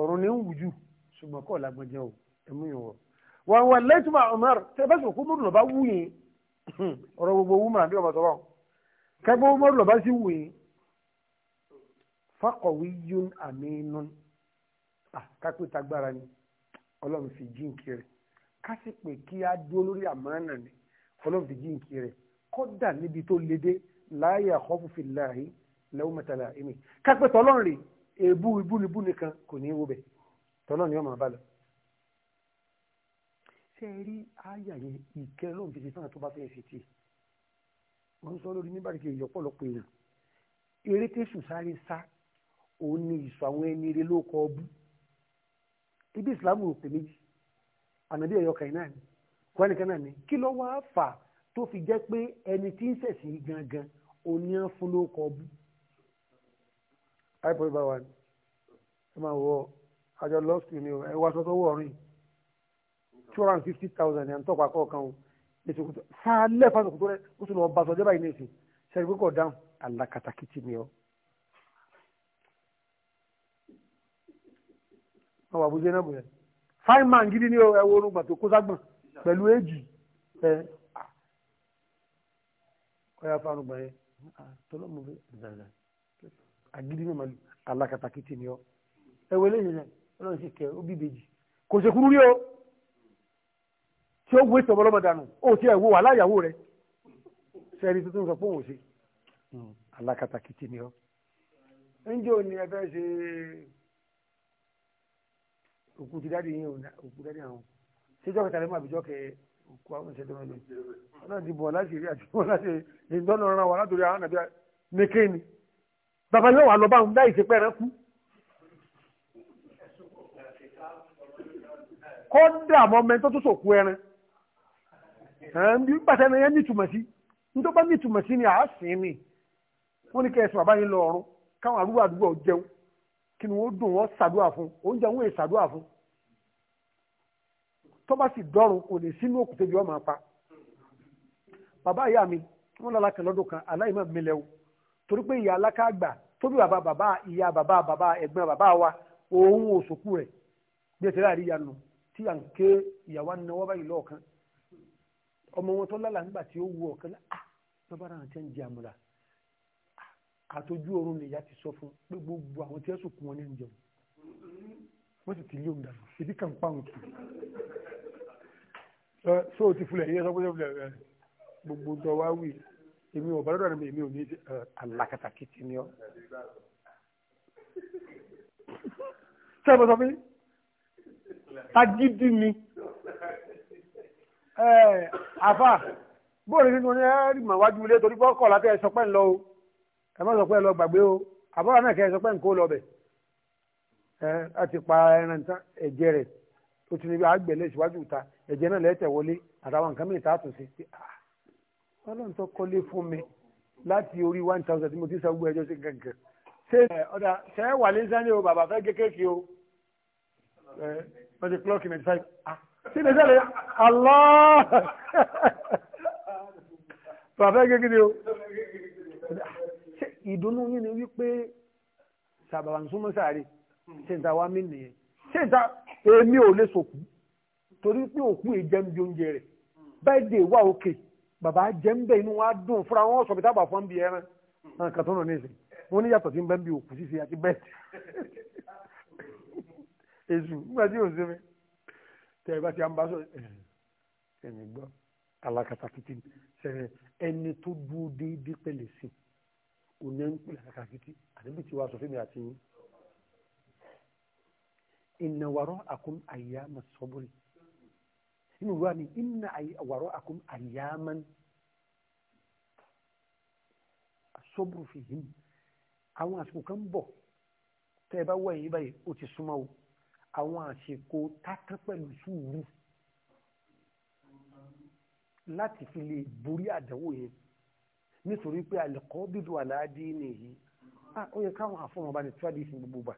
ọ̀run ní ń wùjú ṣùgbọ́n kọ́ làgbọ́njẹ́ o ẹ̀mú yìí wọ̀ wọ́n wọ́n lẹ́tùmọ̀ Umar tẹ́ bá sọ̀kú mọ́rùn lọ́ba wúyìn ọ̀rọ̀ gbogbo wúmọ̀ àbí ọ̀bọ̀ sọ́wọ́ kẹgbẹ́ wúmọ̀ lọ́ba sí wù yín fàkọ̀wé yún àmì inú kápẹ́ tagbára ni ọlọ́run fi jíǹkì rẹ̀ ká sì pé kí á dúró lórí àmánà ni ọlọ́run fi jíǹkì rẹ̀ kọ́dà níbi tó lédè láàyè àkọ́fù fi láàyè lẹ́wọ́ mẹ́tàlá ẹ̀mí kápẹ́ tọ́lọ́run rè èébú ibú nìkan kò ní í wo bẹ̀ tọ́lọ́run yóò máa bá lọ ṣe rí àyà yẹn ìkẹ́ ló ń fi ṣe fún àtúbà fẹ́ ṣe tiẹ̀ wọ́n ń sọ lórí níbàdìkì ìyọ̀pọ̀lọpọ̀ èèyàn eré tẹ̀sù sáré sá òun ni ìsọ àwọn ẹni eré ló kọ ọbú ibi ìsìlámù ò pè méjì ànàbí ẹ̀yọ kàì náà ni kúránì kan náà ni kí ló wá fà tó fi jẹ́ pé ẹni tí ń ṣẹ̀sìn gangan òun ni wọ́n fún ló kọ ọbú. àìpọ̀ ìbáwá ni ẹ máa wọ àjọ lọ́ọ̀sì ni ẹ wá sọ́tọ́ wọ̀ ọ̀rìn yìí two hundred and fifty thousand yẹn tọ́kọ̀ akọ́ kan o ètò kòtò sálẹ̀ fásitì kòtò rẹ kó sùn lọ bá sọjọ́ báyìí nìyẹn sẹ́ni kókò dáhùn alákatakítí ni ọ́. wọ́n wà bójú ẹ̀nàbù yẹn fine man gidi ni ẹ wo orun gbàtò kó ságbọ̀n pẹ̀lú èjì ẹ ọ̀yà fáwọn ọgbà yẹn tọ́lọ́mù bẹ́ẹ̀ agidi ni màlúù alákatakítí ni ọ́ ẹ wọlé yẹn ọlọ́run sì kẹ́ ó bí bèjì kò ṣe kúrú rí o tí ó wé tọmọ lọ́mọ dànù ó ti ẹ̀ wo wà láyàwó rẹ̀ sẹ́ni tuntun sọ fún òun sí hmm, alákatakìtì ni ọ́ ǹjẹ́ ò ní ẹ fẹ́ ṣe òkú ti dáàdi yín òkú dáàdi àwọn ṣéjọ́ kẹta lẹ́mọ̀ àbíjọ́ kẹ òkú àwọn ìṣẹ́ tó ń lò ọ̀nà ìdìbò láti rí àti wọn láti ìdánù ọ̀ràn wà látòrí àwọn àbí nìké ni bàbá yóò wà lọ bá òun láì ṣe pẹ́ẹ́rẹ́ kú. kódà mọ́mẹ́ tó tún sòkú ẹran ẹ̀ẹ́n bí pàṣẹ náà yẹn ní ìtumọ̀ sí nítorí bá ní ìtumọ̀ sí ni àá sìn ni wọ́n ní kẹ́sìn bàbá yín lọ ọ̀run káwọn àrúgbó àdúgbò jẹun kí ni wọ́n dùn wọ́n ṣàdúrà fún oúnjẹ wọn èè ṣàdúrà fún tó bá sì dọ́rùn kò lè sínú òkùté bí wọ́n máa pa bàbá ìyá mi wọ́n lọ́la kan lọ́dún kan aláìmọ̀ mi lẹ́wọ̀ torí pé ìyá aláká àgbà tó bàbá bàbá ìyá bàbá bàbá ẹ̀gbọ́n bàbá wa òun òṣòkú rẹ̀ bí ẹ ti ráàrí ìyanu tí à ń ké ìyàwó anáwó báyìí lọ́ọ̀kan ọmọ wọn tó lálàá nígbà tí ó wú ọ̀kan náà bàbá náà ti ń jẹ àmúlà ah, àtọ́jú oorun lè ti sọ fún pé gbogbo àwọn tí ẹ sùn kún wọn ní ẹnjẹ wọn sì ti lé òun dànù ibi kan pa òun kì í so ti fulẹ̀ yẹ sọ pé fulẹ̀ rẹ eh, gbogbo tó wá wì èmi ò bá lọ́dọ̀ èmi ò ní eh, alákatakítí ni ọ́ sẹ́yìn sọ fún mi agídí ni. Eh, àfà bóòlù nínú ní ẹ́rì mà wájú ilé torí bọ́ kọ̀ látẹ̀ sọpẹ́ ńlọ o ẹ má sọpẹ́ lọ gbàgbé o àbọ̀rọ̀ náà kẹ́ ẹ sọpẹ́ ńkó lọ bẹ̀ ẹ láti pa ẹran tán ẹ̀jẹ̀ rẹ̀ tó ti ní bí àgbẹ̀lẹ̀ síwájú ta ẹ̀jẹ̀ náà lẹ́tẹ̀ wọlé àtàwọn nǹkan mìíràn tààtù sí i ọlọ́run tó kọ́lé fún mi láti orí one thousand tí mo ti sàgbó ẹjọ́ sí gàngàn ṣé ọ̀dà ṣe é wà lẹ́sàn-án ní o bàbá fẹ́ kékeré o ẹ̀ ọ́ clock in at five ah kí ni sẹ́lẹ̀ Allah bàbá gẹ́gẹ́ ni o ṣe ìdùnnú yín ni wípé sàbàbà ń súnmọ́ sáré ṣe ń ta wá mí nìyẹn ṣe ń ta èmi ò lè sòkú torí pé òkú ìjẹ́ bí oúnjẹ rẹ̀ bẹ́ẹ̀ dè òkè bàbá jẹ́ ń bẹ̀ inú wa dùn fúnra wọn sọ̀bìtà bà fún bí ẹran náà kàtó nà ní ìsìn wọn ní yàtọ̀ tí ń bẹ́ ń bí òkú ṣíṣe àti bẹ́ẹ̀ èṣù nígbà tí ò ṣe mi tẹ ẹ bá ti à ń bá sọ ẹni gbọ́ alakata fiti sẹrẹ ẹni tó dúró déédéé pẹ̀lẹ́ sí òní ẹni pẹ̀lẹ́ alakata fiti àdébí tí wàá sọ fún mi àti yín ìnà wàrọ àkún àyàmà sọbúrì inú wa ni ìnà wàrọ àkún àyàmà sọbúrì fìhìn àwọn àsìkò kan bọ̀ tẹ ẹ báyìí ó ti súnmọ́ o àwọn àsìkò tákán pẹ̀lú sùúrù láti fi lè borí àdánwò yẹn nítorí pé àlẹ́kọ́ bídò àlàádé nìyí ó yẹ káwọn àfọwọ́n bá ní tíwádìí sí gbogbo gbà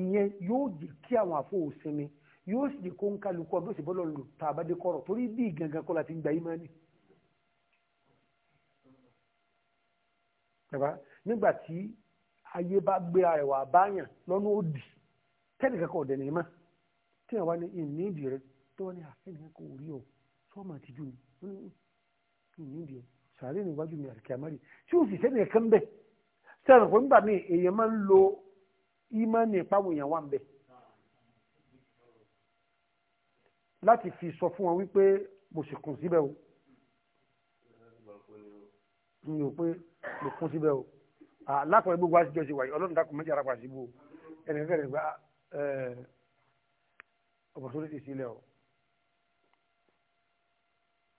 ìyẹn yóò jẹ́ kí àwọn àfọwọ́ sinmi yóò sì jẹ́ kó ń kálukú ọdún òsì bọ́lọ̀ lò tá a bá dé kọ́rọ̀ torí bí gangan kọ́ la ti ń gba nígbà tí ayé bá gbé ara rẹ̀ wà báyàn lọ́nà òdì tẹ́lẹ̀ kankan ọ̀dẹ̀ ní mọ́ tí wọ́n wá ní ìní ìdí rẹ tó wọ́n ní àfẹ́ni kankan ò rí ọ sọ́ọ̀mù àtijú ni wọ́n ní ìní ìdí ọ sàárè níwájú mi àríkè àmárì tí ó sì sẹ́ni ẹ̀kan bẹ́ẹ̀ sẹ́ni kò nígbà míì èèyàn máa ń lo ìmánì ìpawọ̀ èèyàn wà ń bẹ̀ láti fi sọ fún wọn wípé mo sì kùn síbẹ̀ o mi ò pé mo kùn síbẹ̀ o lápẹ̀rẹ̀ gbogbo àtijọ́ ṣe wáyé ọlọ́run dákun méjì arápàá síbú ẹnìkan kẹrin Eh, opportunity sílẹ̀ o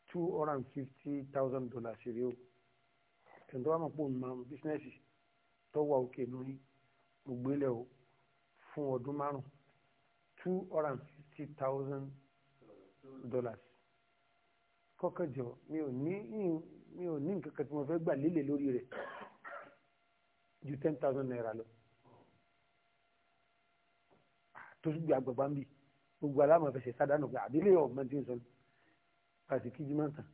two hundred and fifty thousand dollars ṣe rí o ẹ̀ńtọ́ wa máa pò ní máa bísínẹ́sì tọ́wọ́ òkè lórí gbogbo ilẹ̀ o fún ọdún two hundred fifty thousand dollars kọ́kànjọ mi ò ní mi ò ní nǹkan kan tí mo fẹ́ gbà lélẹ̀ lórí rẹ̀ ju ten naira lọ torí gbé agbègbè bí gbogbo aláàmọ̀ fẹsẹ̀ sádánù pé àdílé ọ̀mọ tí ń sọ pàṣẹ kí jimá tán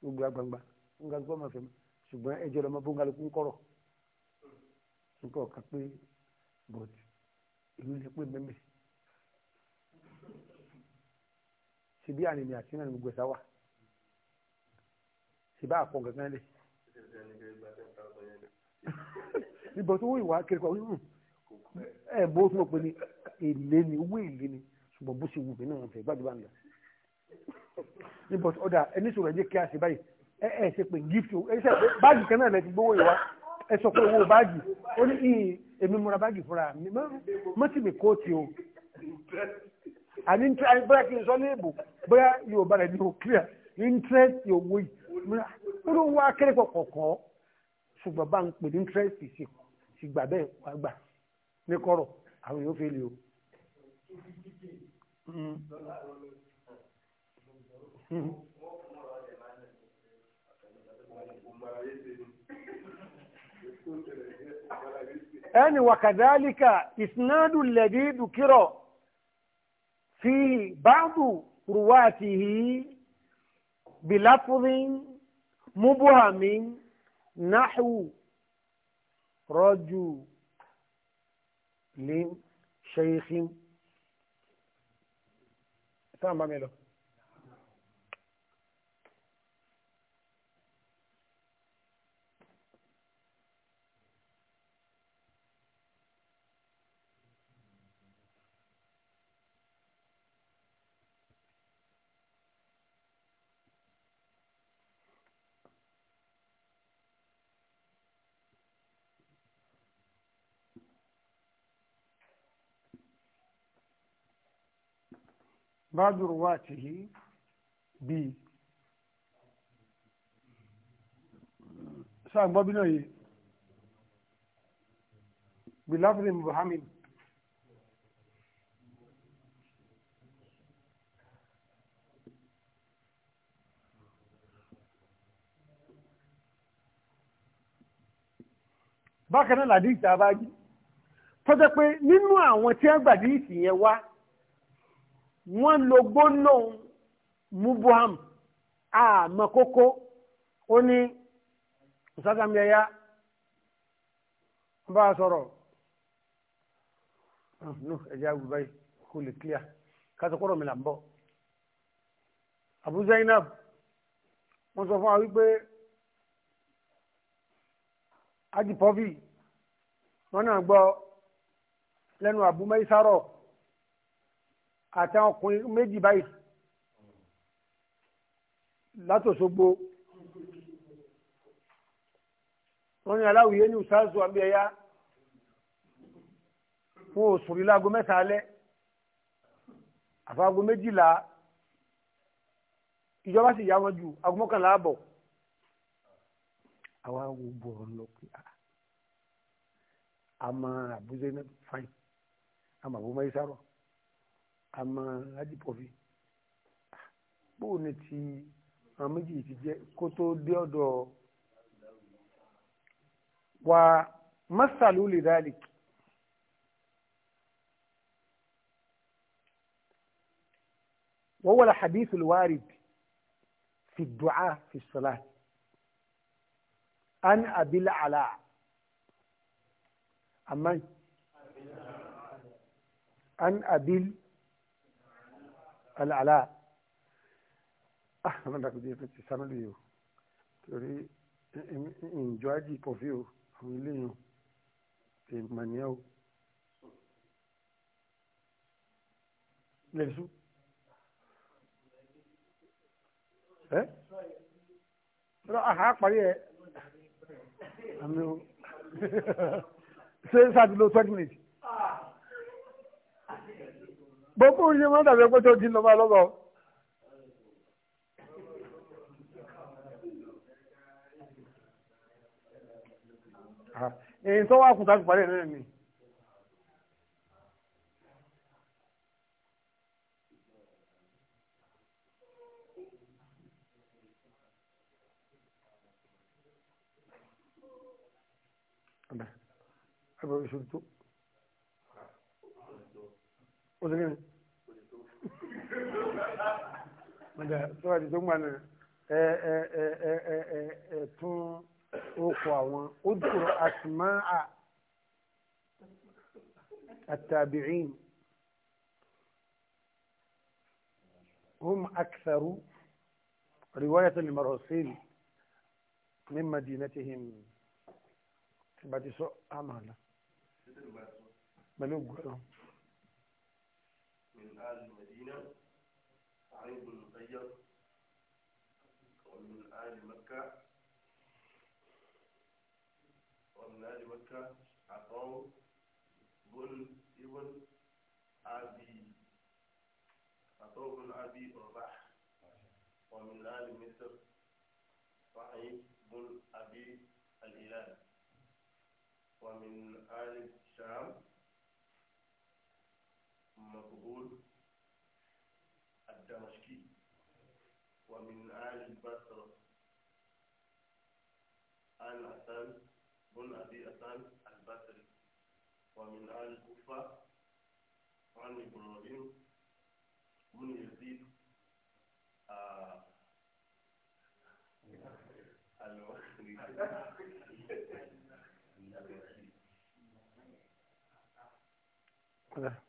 gbogbo agbangba ngalùkù ọmọ fẹmọ ṣùgbọ́n ẹjọ́ lọmọ bó ngalùkù ń kọ̀rọ̀ nǹkan ọ̀ka pé bọ̀d ìlú lè pé mẹ́mẹ́ ṣebí àrìnrìn àti náà ní gbogbo ẹ̀sà wà ṣebá àpọ̀ gangan lẹ̀ níbo tó wọ́n ìwà kiri pa hmm, ẹ̀ bó tó mọ̀ pé ni èlé ni owó èlé ni ṣùgbọ́n bó ṣe wù mí náà wọ́n fẹ́ gbàdúrà ń lọ. níbọ̀tí ọ̀dà ẹni sọ̀rọ̀ ẹ̀jẹ̀ kí a ṣe báyìí ẹ ẹ ṣe pé gift o ẹ ṣe pé báàgì kan náà lẹ ti gbówó ìwá ẹ sọ pé owó báàgì ó ní ìyìn èmi múra báàgì fúnra mi mọ́tì mi kóòtì o àní bóyá kí n sọ ní èbò bóyá Yorùbá rẹ̀ ní o clear interest yóò wó yìí ó ló wá kéré pọ̀ kọ̀ọ̀kan ṣùgbọ́n bá ń pè ní interest sì gbà bẹ́ẹ̀ wá gbà ní kọ́rọ̀ àwọn èèyàn fẹ́ lè o. أن وكذلك إسناد الذي ذكر في بعض رواته بلفظ مبهم نحو رجل شيخ Tómamelo. بعض رواته ب سام بابنوي بلفظ مبهم bákan náà làdí ìta bá jí tó jẹ́ pé nínú àwọn tí wọ́n gbàdí ìsìn yẹn wá wọ́n lo gbólóhùn mubuham àmọ́ kókó ó ní ìsọ́gàmìyàyà bá a sọ̀rọ̀ ah, ẹ̀jẹ̀ àgùbá yìí kò lè clear kásìkọ́rọ̀ mi là Abu Zainab wọ́n sọ fún wa wípé ajipọ́fì wọ́n náà gbọ́ lẹ́nu Abu àtàwọn ọkùnrin méjì báyìí látòṣogbo wọ́n ní aláwìyé ní ìsáàsù àbí ẹ̀yà fún òsùn rí láago mẹ́ta alẹ́ àfàgò méjìlá ìjọba sì yá wọn ju aago mọ́kànlá àbọ̀ àwa wo bọ̀ ọ́ lọ pé ah, a máa náà fain a máa bọ́ àmọ́ adìpọ̀fì bóun ni ti àwọn méjì ti jẹ́ kó tó dé ọ̀dọ̀ wa masalu li dhalik وهو الحديث الوارد في الدعاء في الصلاة عن أبي العلاء أمن عن أبي alàlà àwọn ọ̀dàkùnjẹ́ ìfẹ́ ti sánúlù yìí o torí ìjọ ajì kọfí o àwọn eléyìí ti màníà o lẹ́sùn. ẹ́ lọ àhá ah, parí ẹ̀ àmì o ṣé sáà ti lo twenty minutes gbogbo ṣe máa dàbí ẹgbẹ́ tó ti lọ́mọ lọ́mọ. Ah, èyí tó wà kùtà fìparí ẹ̀rẹ́ mi. Abẹ́ ìṣòro tó. أذكر أسماء التابعين هم أكثر رواية للمرسل من مدينتهم بعد سوء أعمال ملوك قرام من آل المدينة سعيد بن المسيب ومن آل مكة ومن آل مكة عطاء بن ابن أبي عطاء بن أبي رباح ومن آل مصر صحيح بن أبي الهلال ومن آل الشام مقبول ومن آل كوفة وعن إبراهيم بن يزيد الوحيد الوحيد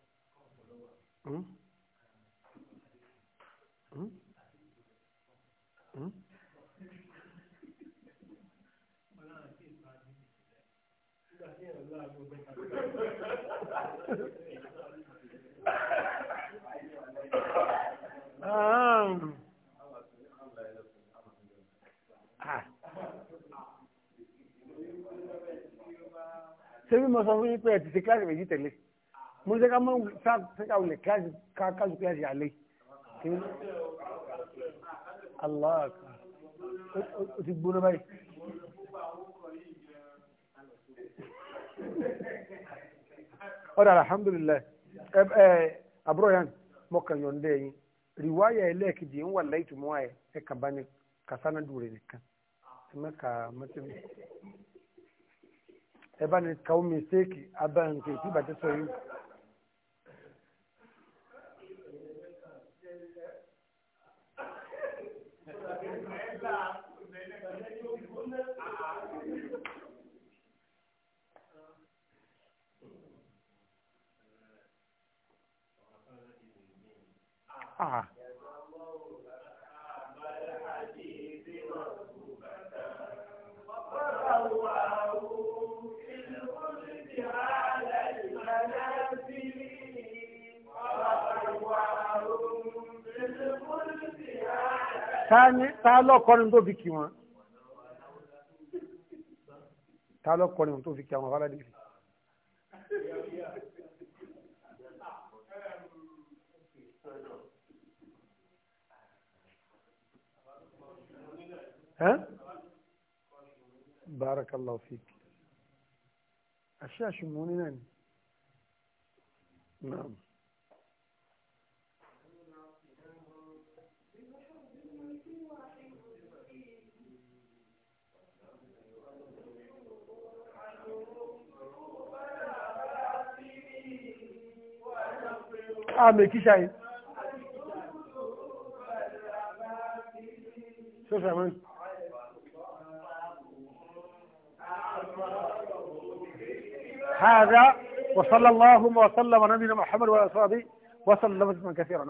Ah. ṣé bí mo sọ fún yín pé ẹ ti ṣe kíláàsì méjì tẹ̀lé mo ṣe ká mọ́ ṣáà wùlẹ̀ kíláàsì káàkiri kíláàsì àlẹ́ Allah ó ti gbóná báyìí. ọ̀dà alhamdulillah ẹ̀ ẹ̀ àbúrò yẹn mọ̀kàn yìí riwaya ẹlẹ́ẹ̀kejì ń wà láìtù mọ́ ẹ̀ ẹ̀ kàn bá ní kàsánà dùrẹ̀ nìkan ẹ má kà á mọ́tò mi ẹ bá ní kàó mistake abáǹkè tí ìbàjẹ́ sọ yìí. Thank you. Ah. ta lọ́kọrin tó fi kí wọn ta lọ́kọrin tó fi kí àwọn fàlàdé ها بارك الله فيك الشاشم منين نعم عامل كيشاين شوف يا مان هذا وصلى اللهم وسلم على نبينا محمد وعلى اله وصحبه وسلم كثيرا